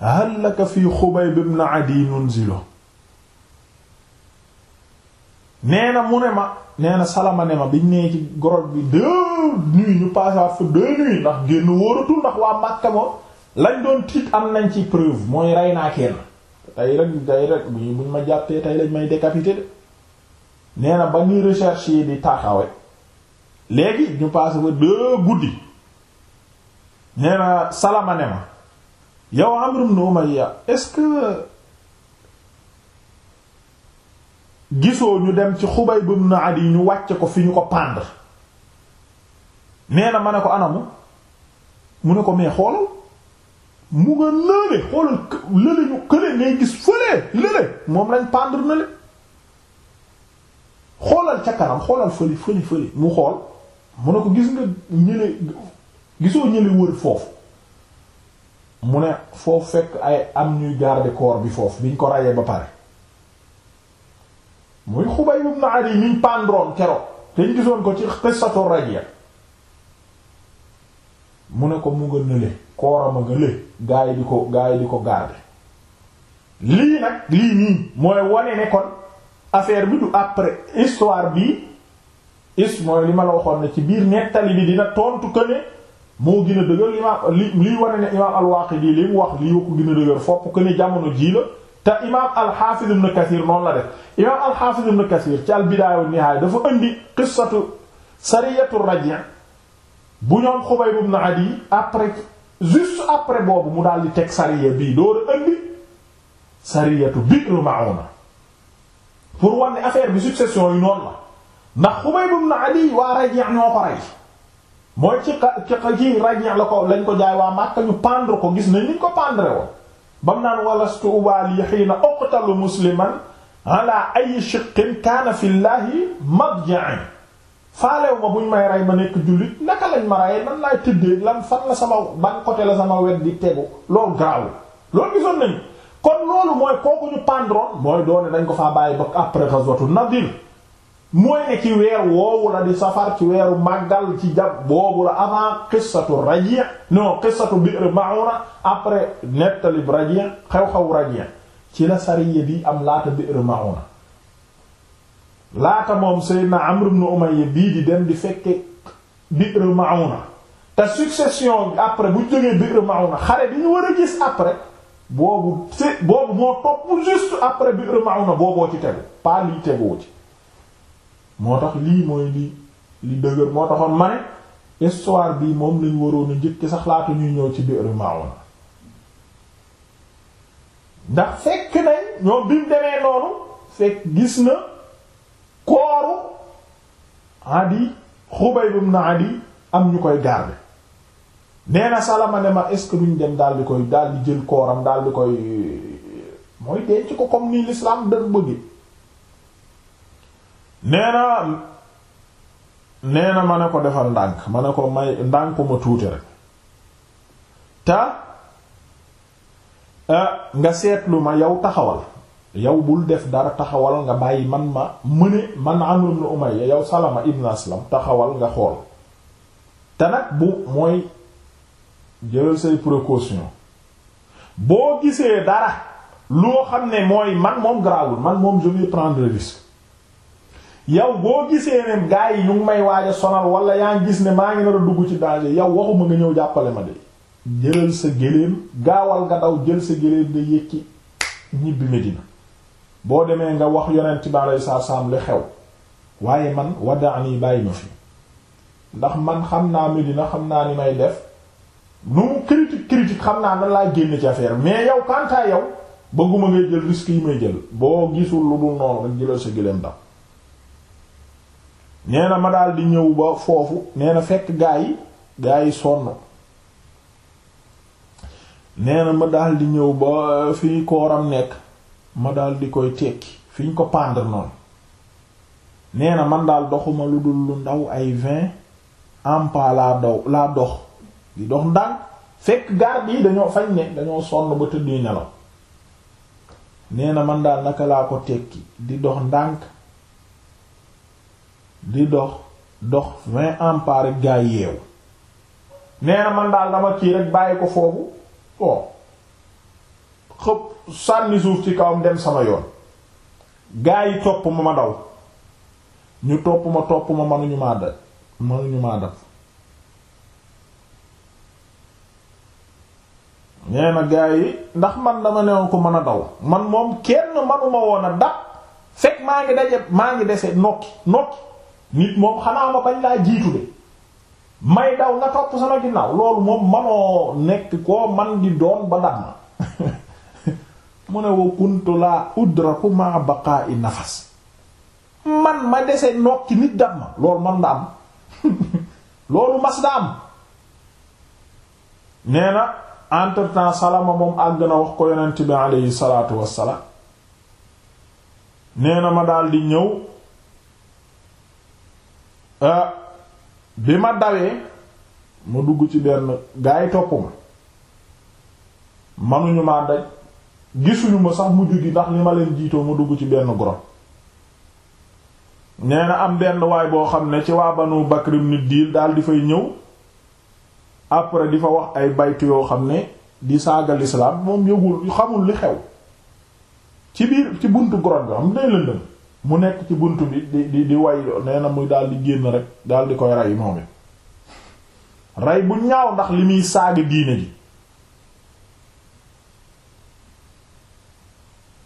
hal laka fi Xubayb ibn Adi nunzilo nee na mu ne ma nee na salama ne ma biñ nee ci bi deux nuits ñu passé waat fa deux ndax génn wóoratul ndax waa Makka moom lañ doon tiit am nañ ci preuve mooy rey naa kenn tey rek tey rek buñ ma jàppee tey lañ may décapité de nee na ba ñuy recherche yi di taxawe léegi ñu passé ba deux guddi nee salama ne ma yow Amr ibn Umayya est-ce que gisoo ñu dem ci Xubayb ibn Adi ñu wàcce ko fi ñu ko pandre nee na ma ne ko anamu mu ne ko mais xoolal mu nga lële xoolal lële ñu kële ngay gis fële lële moom lañ pandre na xoolal ca kanam xoolal fële fële fële mu xool mu ne ko gis nga ñële gisoo ñële wër foofu mu ne foofu fekk ay am ñuy garder corps bi foofu biñ ko rayee ba pare muy Xubayb ibn Adi niñ pandron keroog te ñu gisoon ko ci qissatu Rajiya mu ne ko mu nga nële kooram a nga lé gaa yi ko gaa yi di ko garder lii nag lii nii mooy wane ne kon affaire bi du après histoire bi is li ma la waxoon ne ci biir nettali bi dina tontu que ne moo gën dëgër li ma li liy wane ne imaam al-Waaqidi li mu wax lii ko gën dëgër fopp que jamono jii la te imaam al-Hafiz ibn Kathir la def imaam al-Hafiz ibn Kathir ci al-Bidaaya dafa indi qissatu sariyatu Raji' bu ñoom Xubayb ibn Adi après juste après boobu mu daal di teg sariya bii door a indi sariyatu pour wane affaire bi succession yi noon la ndax Xubayb ibn Adi waa Raji' ñoo ko rey mooy ci ci Raji' la ko lañ ko jaay waa Makka ñu pendre ko gis nañ niñ ko pendre woon. bam naan walastu ubaali xiina uqtalu musliman ala ay shiqqin kaana fi llahi madja'i faalew ma buñ may rey ma nekk jullit naka lañ ma rey nan laay tëddee lan fan la sama ban côté la sama wet di tegu loolu garaaw loolu gisoon nañ kon loolu mooy kooku ñu pendron mooy doone dañ ko faa bàyyi ba après ghazwatu Nadir mooy ne ci weer woowu la di safar ci weeru màggal ci jàpp boobu la avant qissatu raji' non qissatu bi'r ma'una après nettalib raji' xew-xew raji' ci la sariya bi am laata bi'r ma'una laata moom Seydina Amr ibn Umayya bii di dem di fekke bi'r ma'una te succession après bu jógee bi'r ma'una xare bi ñu war a gis après boobu boobu moo topp juste après bi'r ma'una booboo ci tegu pas lii ci moo tax lii mooy li li dëgër moo taxoon man ne histoire bi moom lañ waroon a njëkk sax laata ñuy ñëw ci biir Maodo ndax fekk nañ ñoom bi demee noonu fekk gis na kooru Adi Xubayb ibn Adi am ñu koy garder nee na Salama ne ma est-ce que duñ dem daal di koy daal di jël kooram daal di koy mooy denc ko comme ni l'islam daf bëgg. nee na ma ne ko defal ndànk ma ne ko may ndànk ma tuuti rek te eh, nga seetlu ma yow taxawal yow bul def dara taxawal nga bàyyi man ma mu ne man Amr ibn Umayya yow Salama ibn Aslam taxawal nga xool te nag bu mooy jëlal say précaution boo gisee dara loo xam ne mooy man moom garaawul man moom je vais prendre risque yow boo gisee ne gaa yi yu ngi may waaj a sonal wala yaa ngi gis ne maa ngi nar a dugg ci danger yow waxuma nga ñëw jàppale ma de jëlal sa géléem gaawal nga daw jël sa géléem nga yëkki ñibbi Medina boo demee nga wax yonent bi alei saatu salaam li xew waaye man wadaani bàyyi ma fi ndax man xam naa Medina xam naa ni may def nu mu critique xam naa nan laa génn ci mais yow quant à yow bëgguma ngay jël risque yi may jël boo gisul lu dul noonu rek nee na ma daal di ñëw ba foofu nee fekk gaa yi gaa yi sonn nee ma daal di ñëw ba fi kooram nekk ma daal di koy tekki fi ñu ko pendre noonu nee na man daal doxuma lu dul lu ndaw ay vingt ampa laa daw dox di dox ndànk fekk garde yi dañoo fañ ne dañoo sonn ba tëdd nelaw nee na man daal naka laa ko tekki di dox ndànk di dox dox vingt ampare rek gaa yi yeewu nee man daal dama kii rek bàyyi ko foofu o xëpp sànni suuf ci kawam dem sama yoon gaa yi topp ma ma daw ñu topp ma topp ma manuñu maa def manuñu maa def nee gaa yi ndax man dama newoon ko mën a daw man moom kenn manuma woon a dab fekk maa ngi daje maa ngi dese nokki nokki nit moom xanaa ma bañ laa jiitu de may daw nga topp sama ginnaaw loolu moom manoo nekk koo man di doon ba dab ma mu ne wa kuntu laa udraku ma baqa'i nafas man ma dese nokki nit dab ma loolu man da am loolu mas da am nee na entre temps salama moom àgg na wax ko yonent bi aleyhi salaatu wassalaam nee na ma daal di ñëw Euh, bi ma dawee ma dugg ci benn gaa yi topp ma manuñu maa daj gisuñu ma sax mujj gi ndax li ma leen jiitoo ma dugg ci benn grotte nee am benn waay boo xam ne ci waa Banu Bakr diil daal di fay ñëw après di fa wax ay baytu yoo xam ne di saaga lislaam moom yëgul xamul li xew ci biir ci buntu grotte bi am day lëndëm mu nekk ci bunt bi di di way nee na muy daal di génn rek daal di koy ray moom it bu ñaaw ndax li muy saaga diine ji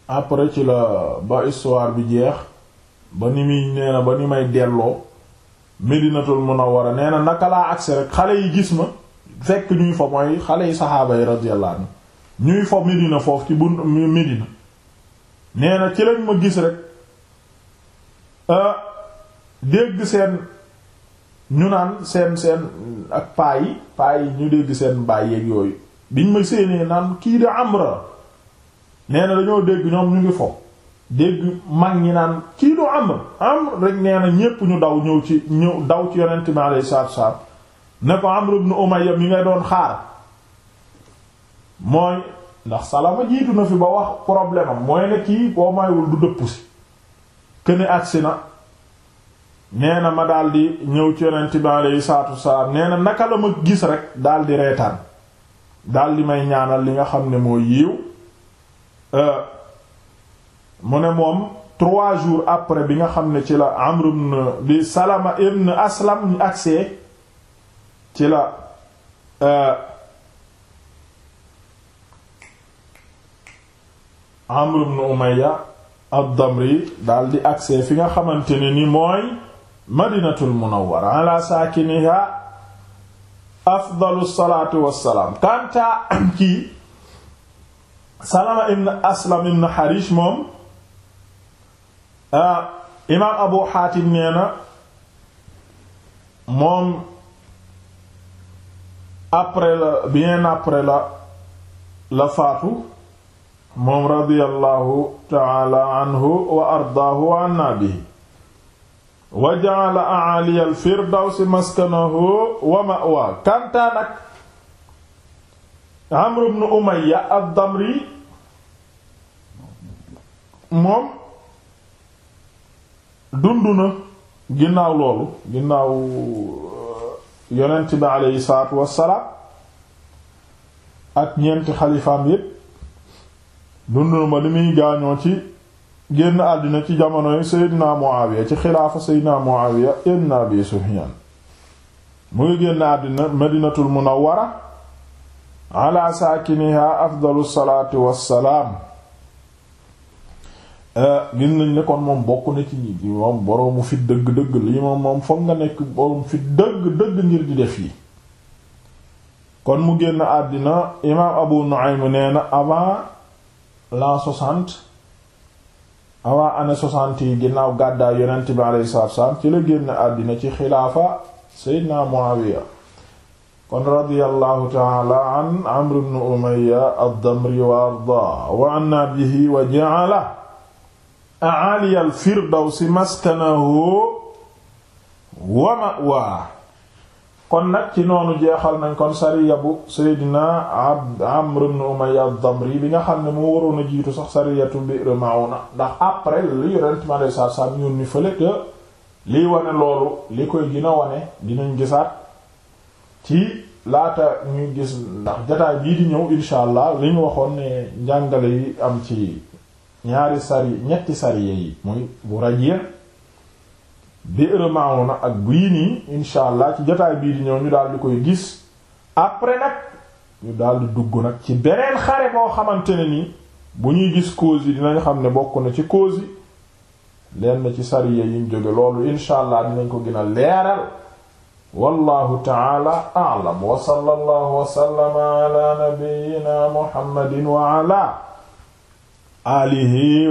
après ci la ba histoire bi jeex ba ni muy nee na ba ni may delloo Medinatul Munawwara nee na naka laa agsi rek xale yi gis ma fekk ñuy fa mooy xale yi saxaaba yi radiyallahu anhu ñuy fa Medina foofu ci bunt Medina nee na ci lañ ma gis rek Euh, dégg seen ñu naan seen seen ak paa yi paa yi ñu dégg seen baay yeeg yooyu biñ ma séenee naan kii de amra nee na dañoo dégg ñoom ñu ngi fo dégg mag ñi naan kii du amr amr rek nee na ñépp ñu daw ñëw ci ñëw daw ci yonent mi alayhi salaatu salaam ne ko Amr ibn Umayya mi ngay doon xaar mooy ndax Salama jiitu na fi ba wax problème mooy ne kii boo maywul du dëpp si këne agsi na nee na ma di ñëw ci yonent bi alayhi salaatu wassalaam naka la ma gis rek daldi reetaan daldi may ñaanal li nga xam ne moo yiiw euh, mu ne moom trois jours après bi nga xam ne ci la Amr ibn di Salama ibn ad-Damri daldi agse fi nga xamante ne ni mooy madinatul munawwara ala saakiniha afdalu salaatu wassalaam kantaa kii Salama ibn Aslam ibn Harish moom ah, imaam Abu Haatim nee moom après la bien moom radiyallahu taala anhu wa ardaahu wa anna bihi wa ja'ala a'ali al-firdawsi maskanahu wa ma'wa kantaa nag Amr ibn Umayya ad-Damri moom dund na ginnaaw loolu ginnaaw uh, yonent bi aleyhi salaatu wassalaam ak ñeenti xalifaam yépp dundul ma li muy gaañoo ci génn àddina ci jamonoy Seydina Muawiya ci xilaafa Seydina Muawiya ibn Abi Sufyan mu ngi génn àddina Madinatul Munawwara ala saakiniha afdalu salaatu wassalaam eh, gis nañ ne kon moom bokk na ci ñi moom boroomu fit dëgg-dëgg lii moom moom foog nga nekk boroom fit dëgg-dëgg ngir di def yi kon mu génn àddina imaam Abu Nu'aym nee avant la soixante avant année soixante yi ginnaaw gàddaay yonent bi alayhi salaatu wassalaam ci la génn ci xilaafa Seydina Muawiya kon radiyallahu ta'ala an Amr ibn Umayya ad-Damri wa ardaa wa anna bihi maskanahu wa kon nag ci noonu jeexal nañ kon sariya bu Seydina Abd Amr ibn Umayya ad-Damri bi nga xam ne moo waroon a jiitu sax sariyatu Bi'r Ma'una ndax après li yonent ma lay saar saar ñun te liy wane loolu li koy gën a wane dinañ gisaat ci laata ñuy gis ndax jataay bii di ñëw insha allah li ñu waxoon ne njàngale yi am ci ñaari sari ñetti sariya yi muy bu Rajia bi'r Mauna ak bii nii incha ci jotaay bii di ñëw ñu daal koy gis après nag ñu daal dugg nag ci beneen xare boo xamante ni nii bu ñuy gis cause yi xam ne bokk na ci cause yi na ci sariya yiñ jóge loolu incha allah dinañ ko gën a leeral wallahu taala a'lam wa sallallahu wa sallama ala wa ala alihi